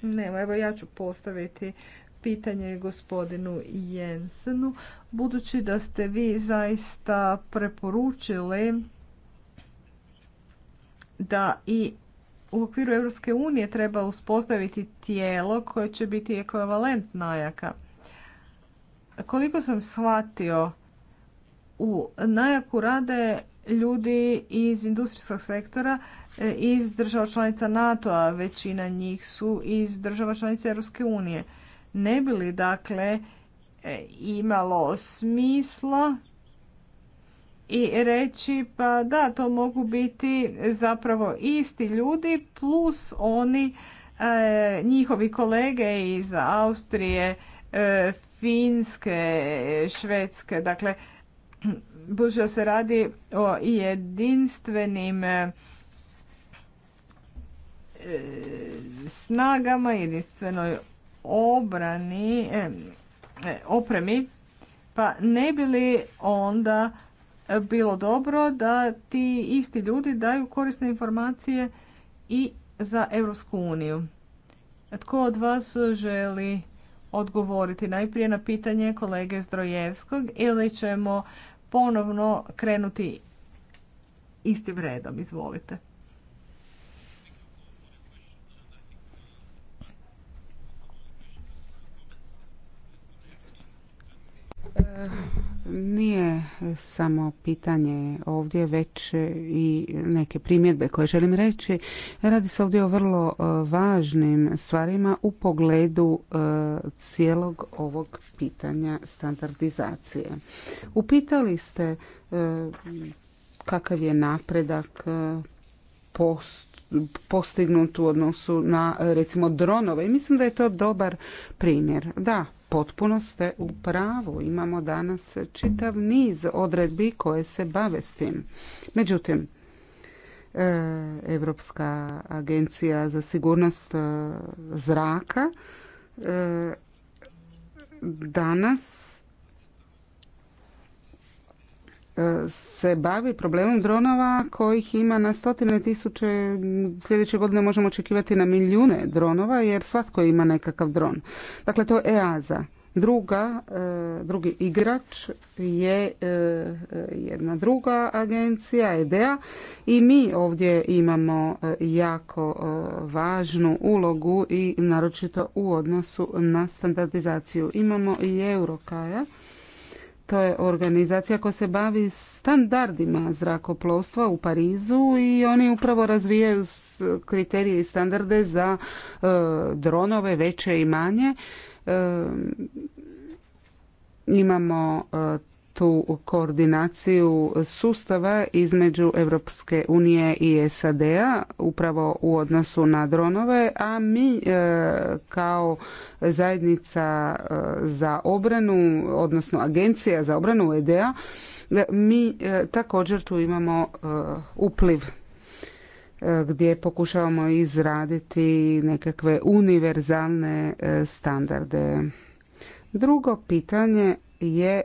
Ne, evo ja ću postaviti pitanje gospodinu Jensenu. Budući da ste vi zaista preporučili da i u okviru Europske unije treba uspostaviti tijelo koje će biti ekvivalent najaka. Koliko sam shvatio, u najaku rade ljudi iz industrijskog sektora e, iz država članica NATO-a, većina njih su iz država članica Europske unije. Ne bi li dakle e, imalo smisla i reći pa da, to mogu biti zapravo isti ljudi plus oni e, njihovi kolege iz Austrije, Finske, Švedske, dakle budući se radi o jedinstvenim e, snagama, jedinstvenoj obrani, e, e, opremi, pa ne bi li onda bilo dobro da ti isti ljudi daju korisne informacije i za Europsku uniju. Tko od vas želi odgovoriti najprije na pitanje kolege Zdrojevskog ili ćemo ponovno krenuti istim redom. Izvolite. E, nije samo pitanje ovdje, već i neke primjedbe koje želim reći. Radi se ovdje o vrlo e, važnim stvarima u pogledu e, cijelog ovog pitanja standardizacije. Upitali ste e, kakav je napredak post postignut u odnosu na recimo dronove i mislim da je to dobar primjer. Da, potpuno ste u pravu. Imamo danas čitav niz odredbi koje se bave s tim. Međutim, Europska agencija za sigurnost e, zraka e, danas se bavi problemom dronova kojih ima na stotine tisuće, sljedeće godine možemo očekivati na milijune dronova jer svatko ima nekakav dron. Dakle, to je EASA. Druga, e, drugi igrač je e, jedna druga agencija, EDEA, i mi ovdje imamo e, jako važnu ulogu i naročito u odnosu na standardizaciju. Imamo i Eurokaja to je organizacija koja se bavi standardima zrakoplovstva u Parizu i oni upravo razvijaju kriterije i standarde za e, dronove veće i manje. E, imamo e, tu koordinaciju sustava između Europske unije i SAD-a upravo u odnosu na dronove, a mi e, kao zajednica e, za obranu, odnosno agencija za obranu EDA, e, mi također tu imamo upliv gdje pokušavamo izraditi nekakve univerzalne standarde. Drugo pitanje je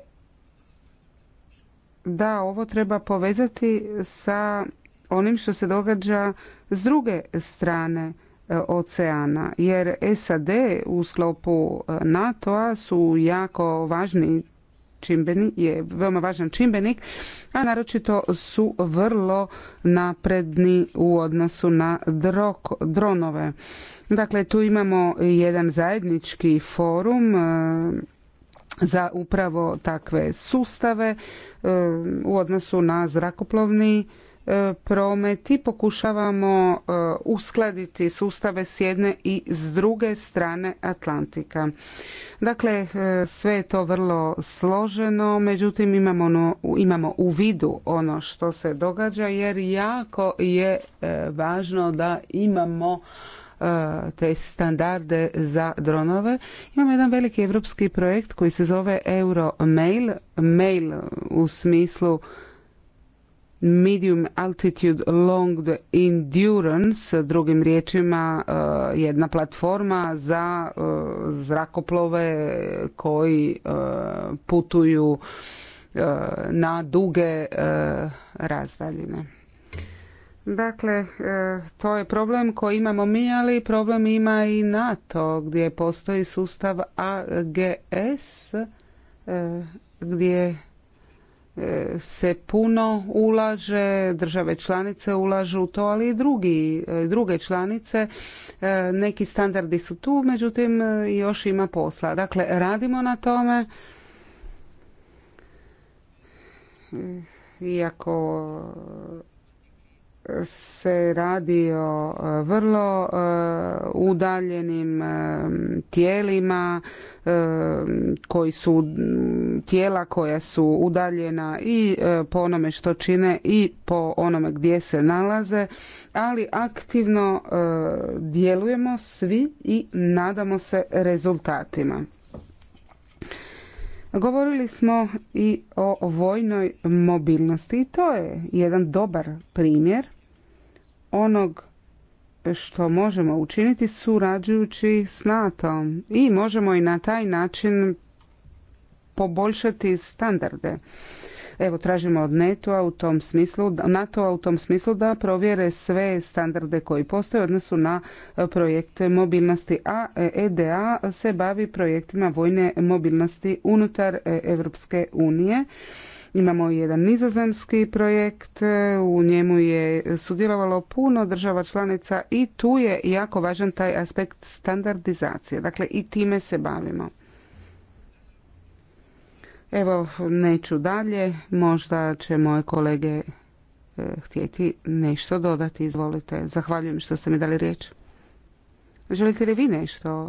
da ovo treba povezati sa onim što se događa s druge strane e, oceana jer SAD u sklopu e, NATO-a su jako važni čimbenik je veoma važan čimbenik, a naročito su vrlo napredni u odnosu na dronove. Dakle, tu imamo jedan zajednički forum e, za upravo takve sustave e, u odnosu na zrakoplovni e, promet i pokušavamo e, uskladiti sustave s jedne i s druge strane Atlantika. Dakle, sve je to vrlo složeno, međutim imamo, ono, imamo u vidu ono što se događa jer jako je važno da imamo E, te standarde za dronove. Imamo jedan veliki europski projekt koji se zove Euromail, mail u smislu medium altitude long endurance, drugim riječima e, jedna platforma za e, zrakoplove koji putuju na duge razdaljine. Dakle, e, to je problem koji imamo mi, ali problem ima i NATO gdje postoji sustav AGS e, gdje e, se puno ulaže, države članice ulažu u to, ali i drugi, druge članice. Neki standardi su tu, međutim još ima posla. Dakle, radimo na tome. Iako se radi o e, vrlo e, udaljenim e, tijelima koji su tijela koja su udaljena i po onome što čine i po onome gdje se nalaze ali aktivno djelujemo svi i nadamo se rezultatima Govorili smo i o vojnoj mobilnosti i to je jedan dobar primjer onog e, što možemo učiniti surađujući s NATO-om i možemo i na taj način poboljšati standarde. Evo tražimo od NATO-a u tom smislu, nato u tom smislu da provjere sve standarde koji postoje u odnosu na e, projekte mobilnosti, a EDA e se bavi projektima vojne mobilnosti unutar Europske unije Imamo jedan nizozemski projekt, u njemu je sudjelovalo puno država članica i tu je jako važan taj aspekt standardizacije. Dakle, i time se bavimo. Evo, neću dalje, možda će moje kolege e, htjeti nešto dodati, izvolite. Zahvaljujem što ste mi dali riječ. Želite li vi nešto e,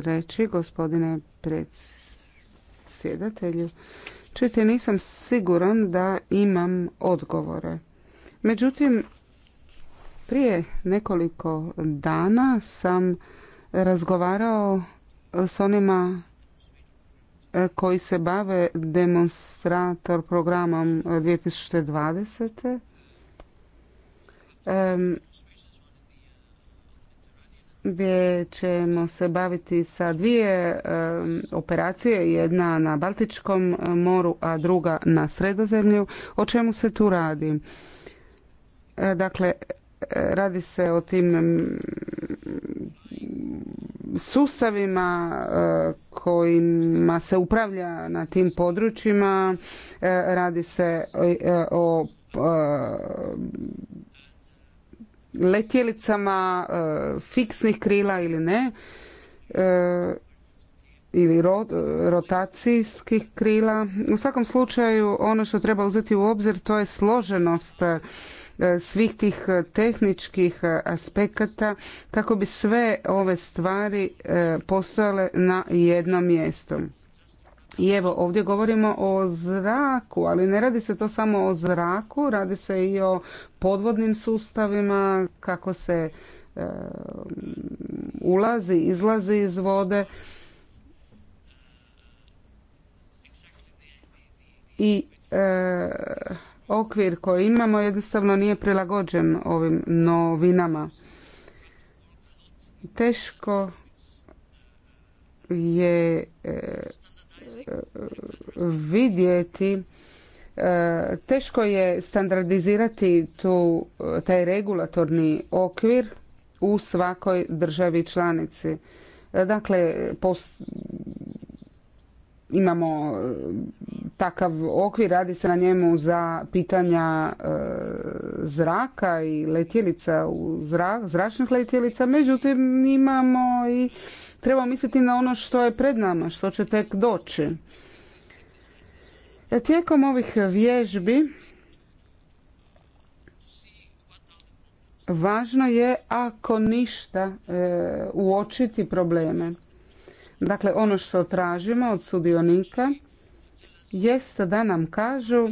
reći, gospodine predsjedatelju? čujte nisam siguran da imam odgovore. Međutim, prije nekoliko dana sam razgovarao s onima e, koji se bave demonstrator programom 2020. E, gdje ćemo se baviti sa dvije operacije, jedna na Baltičkom e, moru, a druga na Sredozemlju. O čemu se tu radi? E, dakle, radi se o tim sustavima e, kojima se upravlja na tim područjima, radi se o letjelicama e, fiksnih krila ili ne e, ili rotacijskih krila. U svakom slučaju ono što treba uzeti u obzir to je složenost e, svih tih tehničkih aspekata kako bi sve ove stvari postojale na jednom mjestu. I evo ovdje govorimo o zraku, ali ne radi se to samo o zraku, radi se i o podvodnim sustavima, kako se e, ulazi, izlazi iz vode. I e, okvir koji imamo jednostavno nije prilagođen ovim novinama. Teško je e, vidjeti e, teško je standardizirati tu taj regulatorni okvir u svakoj državi članici. E, dakle imamo e, takav okvir, radi se na njemu za pitanja zraka i letjelica u zra, zračnih letjelica, međutim imamo i Treba misliti na ono što je pred nama, što će tek doći. E, tijekom ovih vježbi važno je ako ništa e, uočiti probleme. Dakle, ono što tražimo od sudionika jest da nam kažu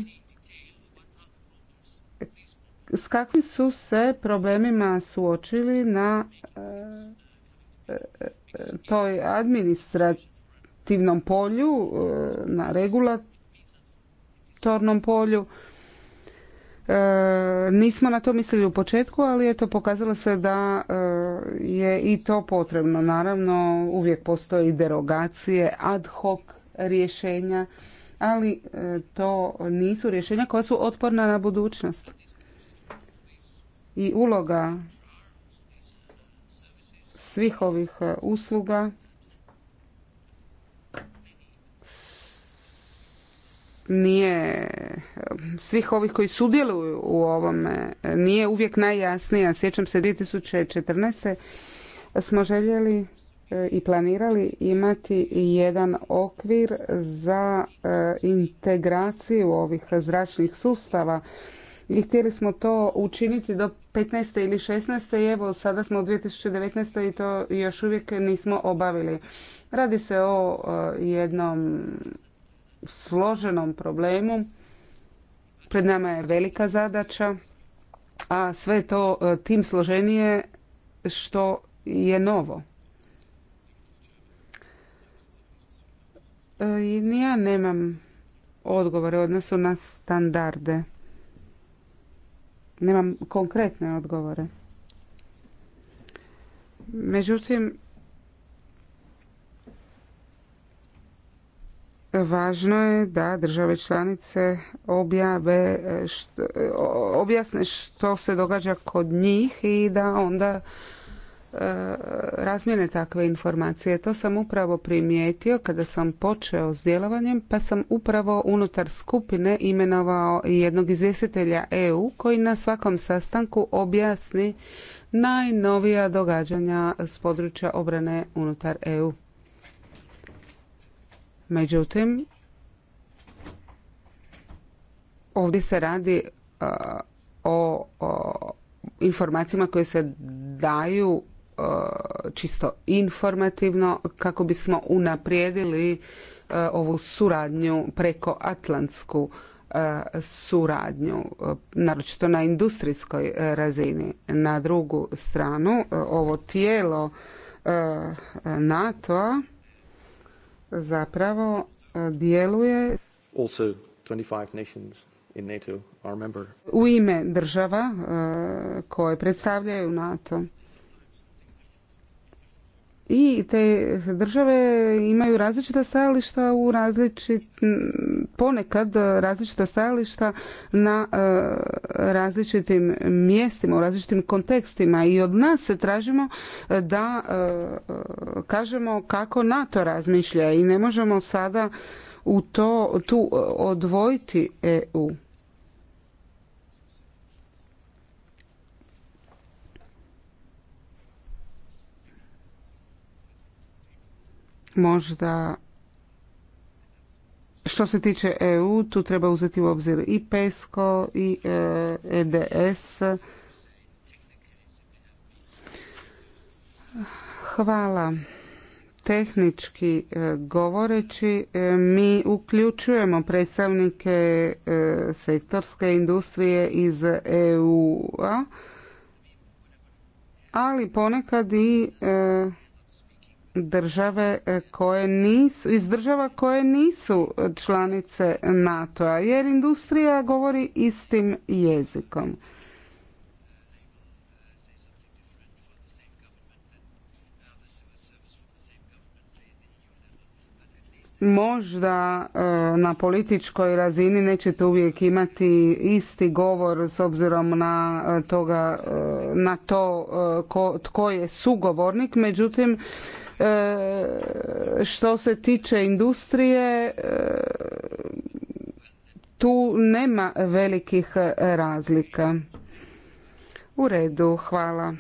s kakvim su se problemima suočili na e, toj administrativnom polju, e, na regulatornom polju, e, nismo na to mislili u početku, ali to pokazalo se da e, je i to potrebno. Naravno, uvijek postoji derogacije, ad hoc rješenja, ali to nisu rješenja koja su otporna na budućnost. I uloga svih ovih e, usluga nije svih ovih koji sudjeluju u ovome e, nije uvijek najjasnija. Sjećam se 2014. smo željeli e, i planirali imati jedan okvir za integraciju ovih zračnih sustava i htjeli smo to učiniti do 15. ili 16. i evo sada smo u 2019. i to još uvijek nismo obavili. Radi se o e, jednom složenom problemu. Pred nama je velika zadaća, a sve to e, tim složenije što je novo. E, ja nemam odgovore u odnosu na standarde nemam konkretne odgovore. Međutim, važno je da države članice objave objasne što se događa kod njih i da onda E, razmjene takve informacije. To sam upravo primijetio kada sam počeo s djelovanjem, pa sam upravo unutar skupine imenovao jednog izvjestitelja EU koji na svakom sastanku objasni najnovija događanja s područja obrane unutar EU. Međutim, ovdje se radi e, o, o informacijama koje se daju E, čisto informativno kako bismo unaprijedili e, ovu suradnju preko atlantsku e, suradnju, naročito na industrijskoj razini. Na drugu stranu, ovo tijelo nato zapravo djeluje u ime država koje predstavljaju NATO i te države imaju različita stajališta u različit, ponekad različita stajališta na e, različitim mjestima, u različitim kontekstima i od nas se tražimo da e, kažemo kako NATO razmišlja i ne možemo sada u to tu odvojiti EU. možda što se tiče EU, tu treba uzeti u obzir i PESCO i EDS. E Hvala. Tehnički e, govoreći, e, mi uključujemo predstavnike sektorske industrije iz EU-a, ali ponekad i države e, koje nisu, iz država koje nisu članice NATO-a, jer industrija govori istim jezikom. možda e, na političkoj razini nećete uvijek imati isti govor s obzirom na e, toga na to ko, tko je sugovornik međutim E, što se tiče industrije, e, tu nema velikih razlika. U redu, hvala.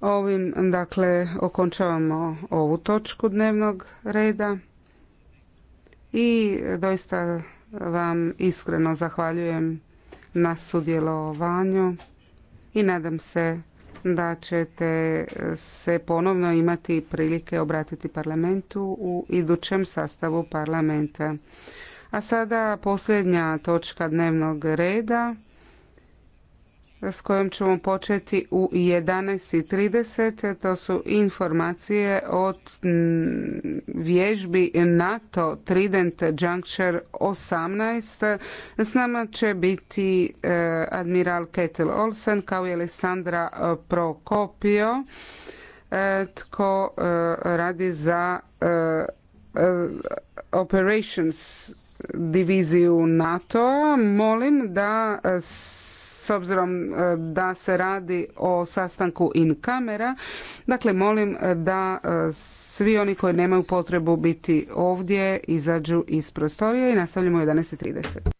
Ovim, dakle, okončavamo ovu točku dnevnog reda i doista vam iskreno zahvaljujem na sudjelovanju i nadam se da ćete se ponovno imati prilike obratiti parlamentu u idućem sastavu parlamenta. A sada posljednja točka dnevnog reda s kojom ćemo početi u 11.30. To su informacije od mm, vježbi NATO Trident Juncture 18. S nama će biti e, admiral Ketil Olsen kao i Alessandra e, Prokopio e, tko radi za operations diviziju NATO. Molim da s obzirom e, da se radi o sastanku in kamera. Dakle, molim e, da e, svi oni koji nemaju potrebu biti ovdje izađu iz prostorije i nastavljamo u 11.30.